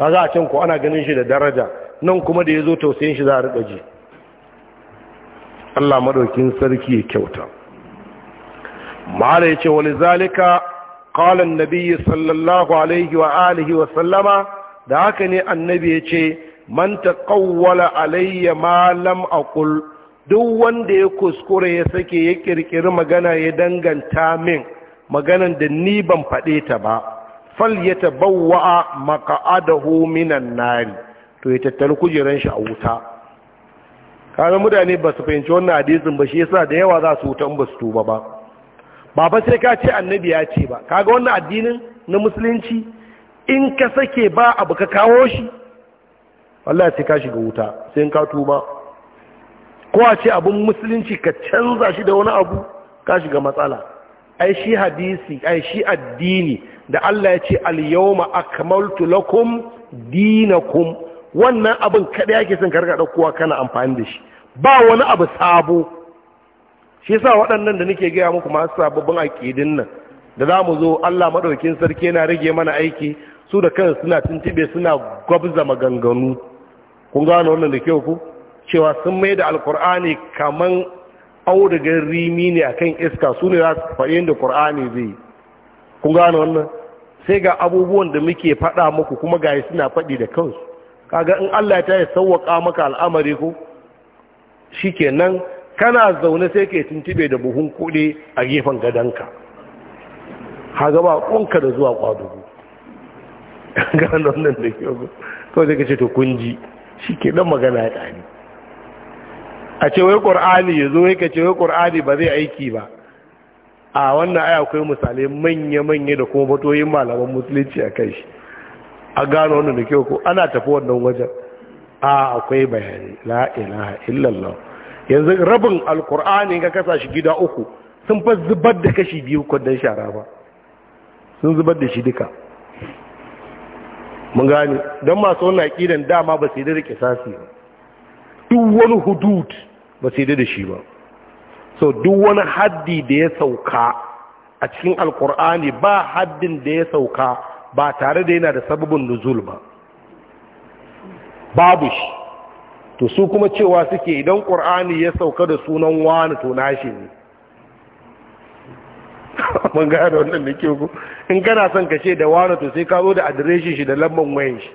kaza a can ko ana ganin shi da daraja nan kuma da ya zo tausayin shi za a riƙa ji Allah madaukin sarki ya kyauta mala ya ce wani zalika kalan Nabiyyu sallallahu alaihi wa alihi wa sallama da haka ne annabi ya ce man ta kawwala alayya malam aqul duk wanda ya kuskure ya sake ya kirkiri magana ya danganta min maganan da ni ban faɗe ta ba fal ya tabawwa maka'adahu minan nari to ya tattali kujeran shi a wuta kaga mutane ba su fahimci wannan hadisin ba shi yasa da yawa za su wuta in ba su tuba ba ba ba sai ka ce annabi ya ce ba kaga wannan addinin na musulunci in ka sake ba abu ka kawo shi wallahi sai ka shiga wuta sai ka tuba ko a ce abun musulunci ka canza shi da wani abu ka shiga matsala ai shi hadisi ai shi addini da Allah ya ce al yawma akmaltu lakum dinakum wannan abin kaɗai ake son karka ɗaukowa kana amfani da shi ba wani abu sabo shi sa waɗannan da nake gaya muku masu sababbin aƙidin nan da za mu zo Allah maɗaukin sarki yana rage mana aiki su da kansu suna tuntuɓe suna gwabza maganganu kun gano wannan da kyau ku cewa sun mai da alkur'ani kaman da rimi ne akan iska su ne za su faɗi yadda kur'ani zai kun gano wannan sai ga abubuwan da muke faɗa muku kuma gaye suna faɗi da kansu kaga in Allah ta yi sauwaka maka al'amari ko shikenan kana zaune sai ke tuntube da buhun kuɗi a gefen gadanka haga ba ƙonka da zuwa ƙwadugu ganin wannan da ke yau kawai zai kace to kunji shi ke nan magana ya ɗani. a ce wai ƙor'ani ya zo yake ce wai ƙor'ani ba zai aiki ba a wannan aya akwai misalai manya-manya da kuma batoyin malaman musulunci a kai shi a gano wannan da kyau ko ana tafi wannan wajen a akwai bayani la ilaha illallah yanzu rabin alkur'ani ga kasa shi gida uku sun fa zubar da kashi biyu kwandon shara ba sun zubar da shi duka mun gane don masu wannan aƙidan dama ba su yi da rike ba duk wani hudud ba su yi da shi ba so duk wani haddi da ya sauka a cikin alkur'ani ba haddin da ya sauka ba tare da yana da sababin nuzul ba babu shi to su kuma cewa suke idan ƙur'ani ya sauka da sunan wani to nashi ne <laughs> mun gaya da wannan da ke in kana son kashe da wani to sai ka zo da adireshin shi da lamban wayan shi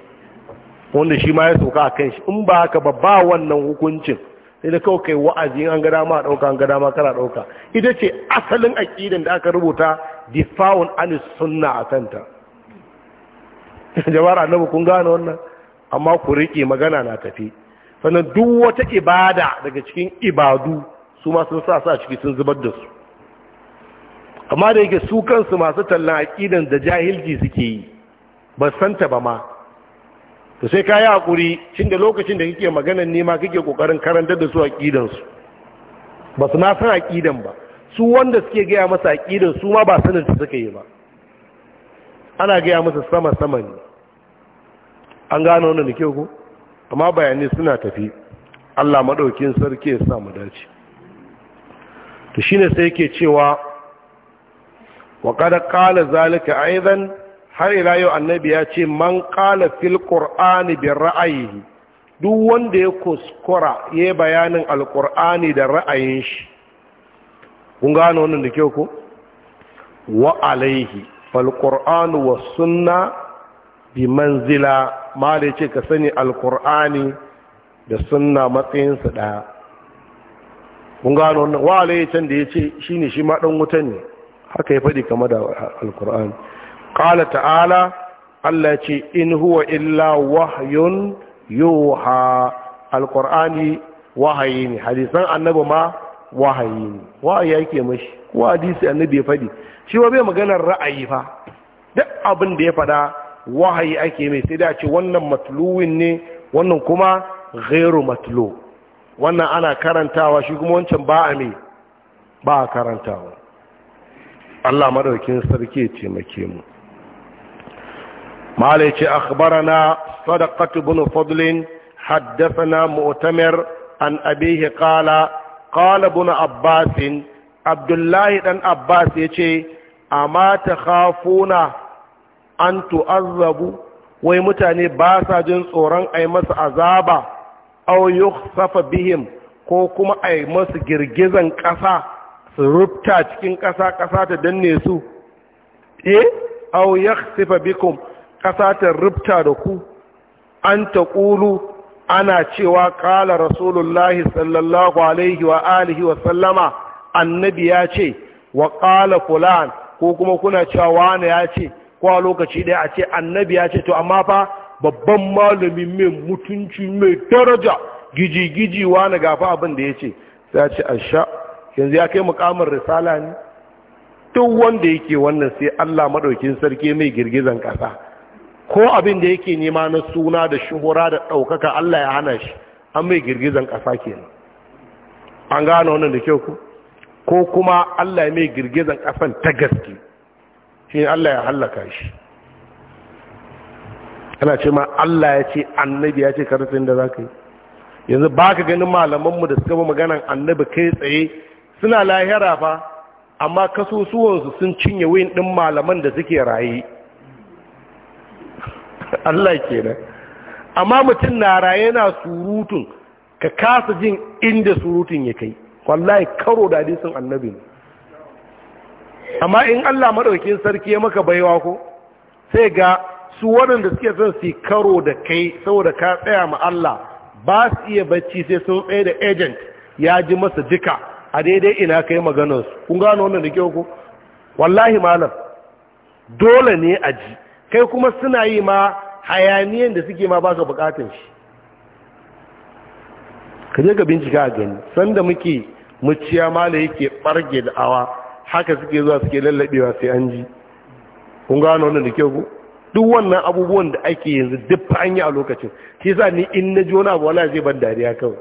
wanda shi ma ya sauka a kan shi in ba haka ba ba wannan hukuncin sai da kawai kai wa'azi an ga dama ɗauka an ga dama kana ɗauka ita ce asalin aƙidan da aka rubuta difa'un anis sunna a kanta <laughs> jama'ar annabi kun gane wannan amma ku rike magana na tafi sannan duk wata ibada daga cikin ibadu su ma sun sa sa ciki sun zubar da su amma da yake su kansu masu tallan aqidan da jahilci suke yi ba santa ba ma to sai ka yi haƙuri cin da lokacin da kake ne nema kake ƙoƙarin karantar da su su ba su na san aƙidan ba su wanda suke gaya masa aqidan su ma ba sanin su suka yi ba ana gaya musu sama-sama ne an gano wannan da ku amma bayanai suna tafi allah maɗaukin sarki ya samu dace to ne sai ke cewa wa ƙada ƙala zalika aizan har ila yau annabi ya ce man ƙala fil ƙor'ani bin ra'ayihi duk wanda ya kuskura ya bayanin Alƙur'ani da ra'ayin shi kun gano wannan da kyau ko wa falƙur'anu wa sunna bi manzila ma da ce ka sani alƙur'ani da sunna ɗaya kun ya can da ya ce shi ne shi ma ɗan wutan ne haka ya faɗi kama da alƙur'ani ƙala ta'ala Allah ce in huwa illa wahyun yuha alƙur'ani wahayi ne hadisan annabi ma wahayi ne wahayi yake mashi ko hadisi annabi ya faɗi shi ba bai maganar ra'ayi fa duk abin da ya fada wahayi ake mai sai da ce wannan matluwin ne wannan kuma ghairu matlu wannan ana karantawa shi kuma wancan ba a mai ba a karantawa Allah madaukin sarki ya taimake mu malai ce akhbarana sadaqatu bin fadl حدثنا mu'tamir an أبيه qala qala ابن abbas عبد الله بن عباس amma ta khafuna an tu'azzabu wai mutane ba sa jin tsoron ai masa azaba aw yukhsafa bihim ko kuma ai masu girgizan ƙasa su rubta cikin ƙasa ƙasa ta danne su eh aw yakhsifa bikum ƙasa ta rubta da ku an ta ana cewa ƙala rasulullahi sallallahu alaihi wa alihi wa sallama annabi ya ce wa ƙala fulan ko kuma kuna cewa wani ya ce ko a lokaci ɗaya a ce annabi ya ce to amma fa babban malamin mai mutunci mai daraja gijigiji wani gafa abin da ya ce sai ya ce asha yanzu ya kai mukamin risala ne duk wanda yake wannan sai Allah maɗaukin sarki mai girgizan kasa ko abin da yake nema na suna da shuhura da ɗaukaka Allah ya hana shi an mai girgizan kasa kenan an gane wannan da kyau ku ko kuma Allah ya mai girgizan kasan ta gaske shi ne Allah ya hallaka shi ana ce ma Allah ya ce annabi ya ce karfin da za ka yi yanzu ba ka ganin malamanmu da suka ba maganan annabi kai tsaye suna lahira fa amma kasusuwansu sun cinye wayin ɗin malaman da suke raye <laughs> Allah ke nan amma mutum na raye na surutun ka kasa jin inda surutun ya kai wallahi karo da hadisin annabi ne amma in Allah madaukakin sarki ya maka baiwa ko sai ga su waɗanda suke son su karo da kai saboda ka tsaya ma Allah ba su iya bacci sai sun tsaye da agent ya ji masa duka a daidai ina kai maganar su kun gano wannan da kyau ko wallahi malam dole ne a ji kai kuma suna yi ma hayaniyan da suke ma ba ka bukatun shi ka je ka bincika a gani sanda muke muciya mala yake barge da awa haka suke zuwa suke lallabewa sai an ji kun gano wannan da kyau ku duk wannan abubuwan da ake yanzu duk an yi a lokacin shi yasa ni in na ji wani abu wala zai ban dariya kawai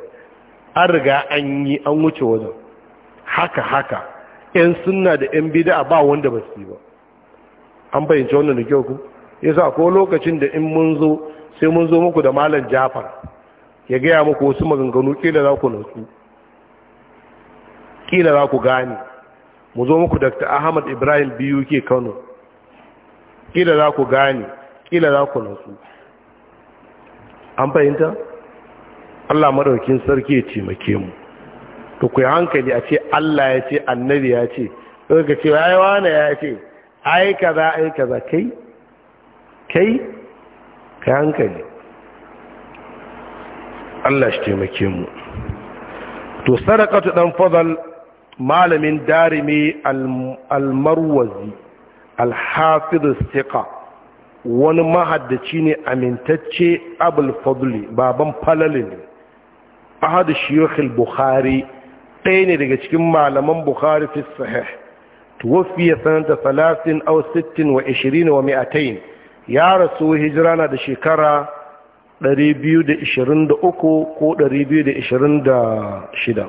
an riga an yi an wuce wajen haka haka yan sunna da yan bid'a ba wanda ba su yi ba an bayyance wannan da kyau ku yasa ko lokacin da in mun zo sai mun zo muku da malam Jafar ya gaya muku wasu maganganu kila za ku nutsu kila za ku gane mu zo muku dr ahmad ibrahim biyu ke kano kila za ku gane kila za ku nasu an fahimta allah maɗaukin sarki ya taimake mu to ku hankali a ce allah ya ce annabi ya ce ɗauka ce ya yi wane ya ce aika za aika za kai kai ka hankali allah shi taimake mu to sadaka ta ɗan fadal malamin darimi almarwazi alhafiz siqa wani mahaddaci ne amintacce abul fadli baban falalin ahadu shiyukhil bukhari ɗaya ne daga cikin malaman bukhari fi sahih tuwafiya sanata 30 aw sittin, wa ishirin wa 200 ya rasu hijira na da shekara 223 ko 226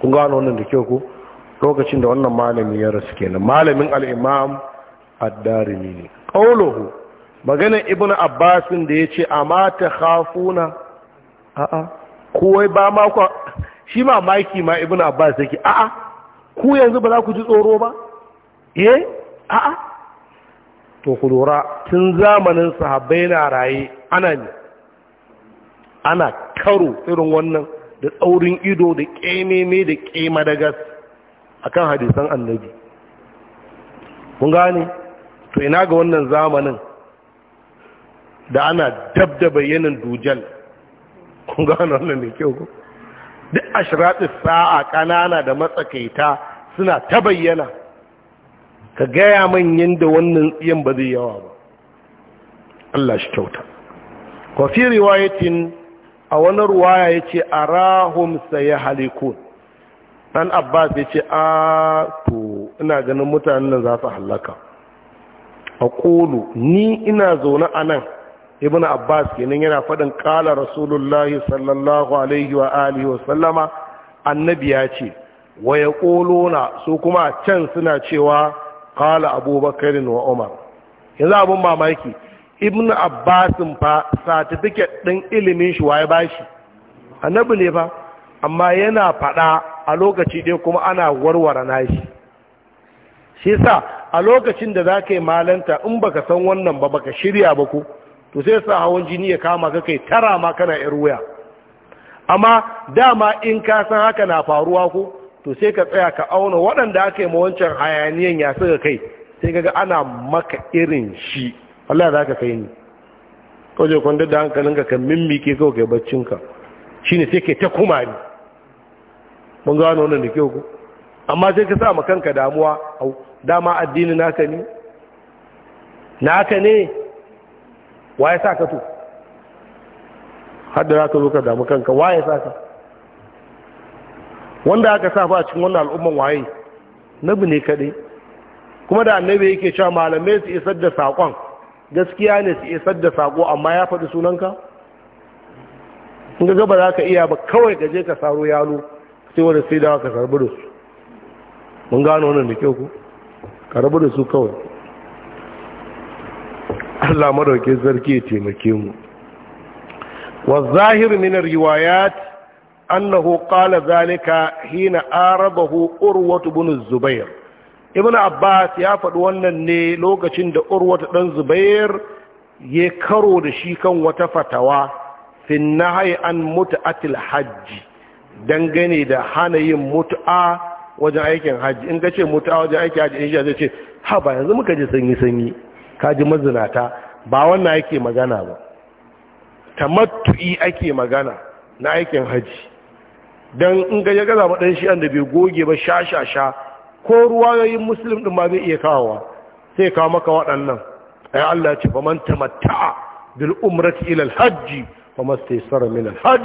kun gano wannan da kyau ku lokacin da wannan malami ya rasu kenan malamin al-imam ad-darimi ne qawluhu maganin ibnu abbasin da yace amma ta khafuna a'a kowai ba ma ku shi ma ma ibnu abbas yake a'a ku yanzu ba za ku ji tsoro ba eh a'a to ku tun zamanin sahabbai na raye ana ne ana karo irin wannan da tsaurin ido da ƙememe da ƙema da gas a kan hadisan annabi kun gane to ina ga wannan zamanin da ana dab da bayyanin dujal kun gane wannan da kyau duk ashiratis sa'a ƙanana da matsakaita suna ta bayyana ka gaya manyan da wannan tsiyan ba zai yawa ba Allah shi kyauta kwafi riwayatin a wani ruwaya ya ce a rahun saye halikun ɗan abbas ya ce a to ina ganin mutanen da za su hallaka a ƙolu ni ina zaune a nan ibn abbas kenan yana faɗin ƙala rasulullahi sallallahu alaihi wa alihi wasallama annabi ya ce wa ya na su kuma can suna cewa ƙala abubakarin wa umar yanzu abin mamaki ibnu abbasin fa certificate ɗin ilimin shi waye bashi annabi ne fa amma yana faɗa a lokaci ɗaya kuma ana warware nashi shi sa a lokacin da za yi malanta in baka san wannan ba baka shirya ba ko, to sai sa hawan jini ya kama ka kai tara ma kana yar wuya amma dama in ka san haka na faruwa ko to sai ka tsaya ka auna waɗanda aka yi ma wancan hayaniyan ya suka kai sai ga ana maka irin shi Allah za ka kai ni kawai kwanda da hankalinka kan mimmike kawai kai baccinka shi ne sai ke ta kuma mun gano wannan da kyau ku amma sai ka sa ma kanka damuwa dama addini naka ne naka ne waye sa ka to hadda za ka zo ka damu kanka waye sa ka wanda aka sa ba cikin wannan al'umman waye nabi ne kadai? kuma da annabi yake cewa malamai su isar da saƙon gaskiya ne su isar da sako amma ya faɗi sunanka in ga gaba za ka iya ba kawai ka je ka saro yalo sai wani sai da ka sarbi da su mun gano wannan da kyau ku ka rabu da su kawai Allah madauke sarki ya taimake mu wa zahir min riwayat annahu qala zalika hina arabahu urwatu ibn zubair ibn abbas ya faɗi wannan ne lokacin da urwata ɗan zubair ya karo da shi kan wata fatawa finna nahai an atil hajji dangane da hana yin mutu'a wajen aikin hajji in ka ce mutu'a wajen aikin hajji in zai ce ha ba yanzu muka ji sanyi-sanyi ka ji mazinata ba wannan ake magana ba Ta tamattu'i ake magana na aikin hajji don in ga ya gaza maɗan shi da bai goge ba sha ko ruwayoyin musulun ɗin ba zai iya kawowa sai kawo maka waɗannan ai Allah ce fa man tamatta'a bil umrati ila al hajji fa mastaysara min al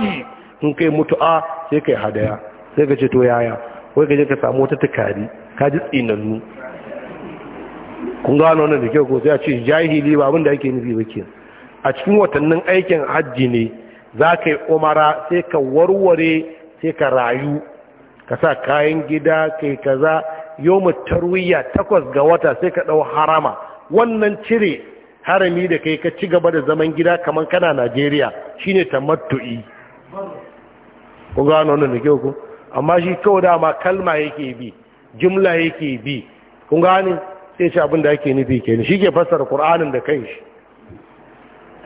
in kai mutu'a sai kai hadaya sai ka ce to yaya wai ka je ka samu wata tukari ka ji tsinannu kun gano wannan da kyau ko sai a ce jahili ba abin da ake nufi ba ke. a cikin watannin aikin hajji ne za ka yi umara sai ka warware sai ka rayu ka sa kayan gida kai kaza yomu tarwiyya takwas ga wata sai ka ɗau harama wannan cire harami da kai ka ci gaba da zaman gida kamar kana najeriya shine tamattu'i ku gano wannan da kyau ku amma shi kawai dama kalma yake bi jimla yake bi kun gani. sai shi abin da ake nufi ni shi ke fassara qur'anin da kai shi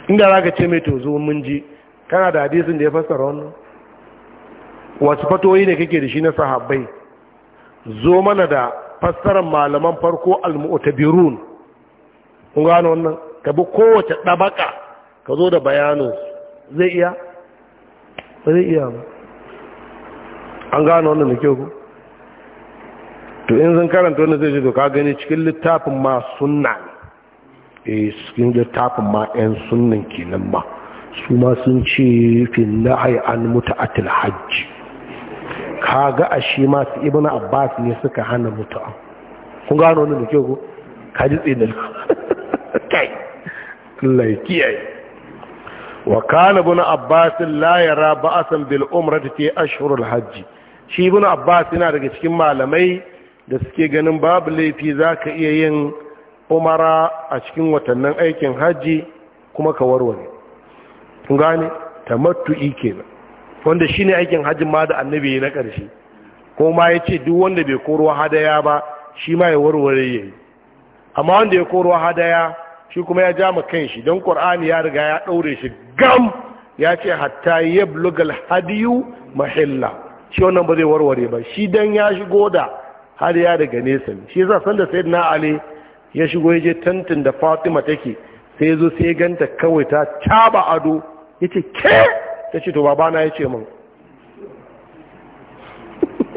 inda ka ce mai to mun ji kana da hadisin da ya fassara wannan wasu fatoyi ne kake da shi na sahabbai zo mana da fassarar malaman farko al-mu'tabirun kun gano wannan ka bi kowace dabaka ka zo da bayanin zai iya ba zai iya ba an gano wannan da kyau to in zan karanta wannan zai to ka gani cikin littafin ma sunna ne eh cikin littafin ma ɗan sunnan kenan ma su ma sun ce fi nahyi an muta'atil hajji kaga a shi masu ibn abbas ne suka hana mutu'a kun gano wani da kyau ka ji tsinar <laughs> kai laiki ya kiyaye wa kana ibn abbas la yara ba'asan bil ta fi ashhurul hajj shi ibn abbas yana daga cikin malamai da suke ganin babu laifi zaka iya yin umara a cikin watannin aikin hajji kuma ka warware kun gane tamattu'i kenan wanda shine aikin hajjin ma da annabi na ƙarshe ko ma ya ce duk wanda bai koro hadaya ba shi ma ya warware ya yi amma wanda ya koro hadaya shi kuma ya ja kan shi don ƙur'ani ya riga ya ɗaure shi gam ya ce hatta ya blogal hadiyu mahilla shi wannan ba zai warware ba shi dan ya shigo da hadaya daga nesa shi yasa sanda sai na ali ya shigo ya je tantin da fatima take sai ya zo sai ganta kawai ta caba ado ya ce ke ta ce to babana ya ce min <laughs>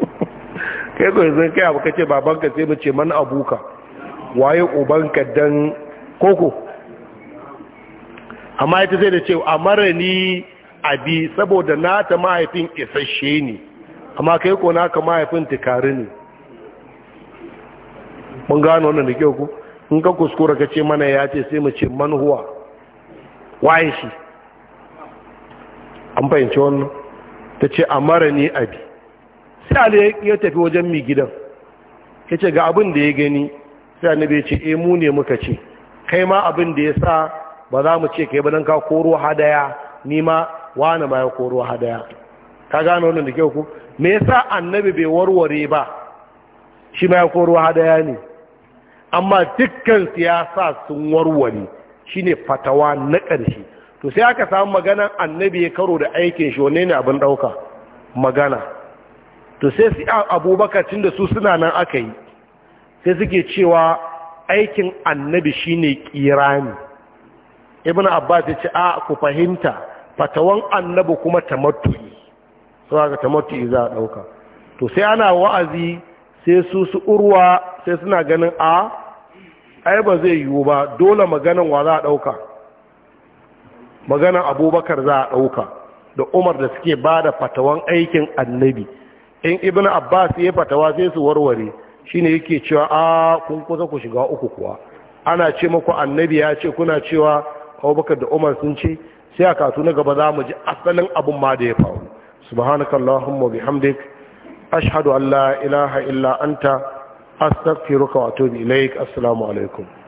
kai ko yanzu kai abu kace babanka sai mu ce man abuka waye ubanka dan koko amma ita sai da ce amara abi saboda na ta mahaifin isasshe ne amma kai ko ka mahaifin tukari ne mun gano wannan da kyau ko in ka kuskura ka ce mana ya ce sai mu ce man waye shi an fahimci wannan ta ce a mara ne abi sai ali ya tafi wajen mi gidan ya ce ga abin da ya gani sai annabi ya ce e mu ne muka ce kai ma abin da ya sa ba za mu ce kai ba don ka koro hadaya ni ma wani ma ya koro hadaya ka gano wannan da kyau ku me yasa annabi bai warware ba shi ma ya koro hadaya ne amma dukkan siyasa sun warware shine fatawa na ƙarshe to sai aka samu maganan annabi ya karo da aikin shi wane ne abin ɗauka magana to sai su abubakar cin da su suna nan aka yi sai suke cewa aikin annabi shine kirani ibn abbas ya ce a ku fahimta fatawan annabi kuma tamattu'i sau aka tamattu'i za a ɗauka to sai ana wa'azi sai su su urwa sai suna ganin a ai ba zai yiwu ba dole maganan wa za a ɗauka Maganar abubakar za a ɗauka da umar da suke ba da fatawan aikin annabi in ibn abbas ya fatawa sai su warware shine yake cewa a kun kusa ku shiga uku kuwa ana ce maku annabi ya ce kuna cewa abubakar da umar sun ce sai a kasu na gaba za mu ji asalin abin ma da ya faru subhanakallahumma bihamdik ashhadu an la ilaha illa anta astaghfiruka wa atubu ilaik assalamu alaikum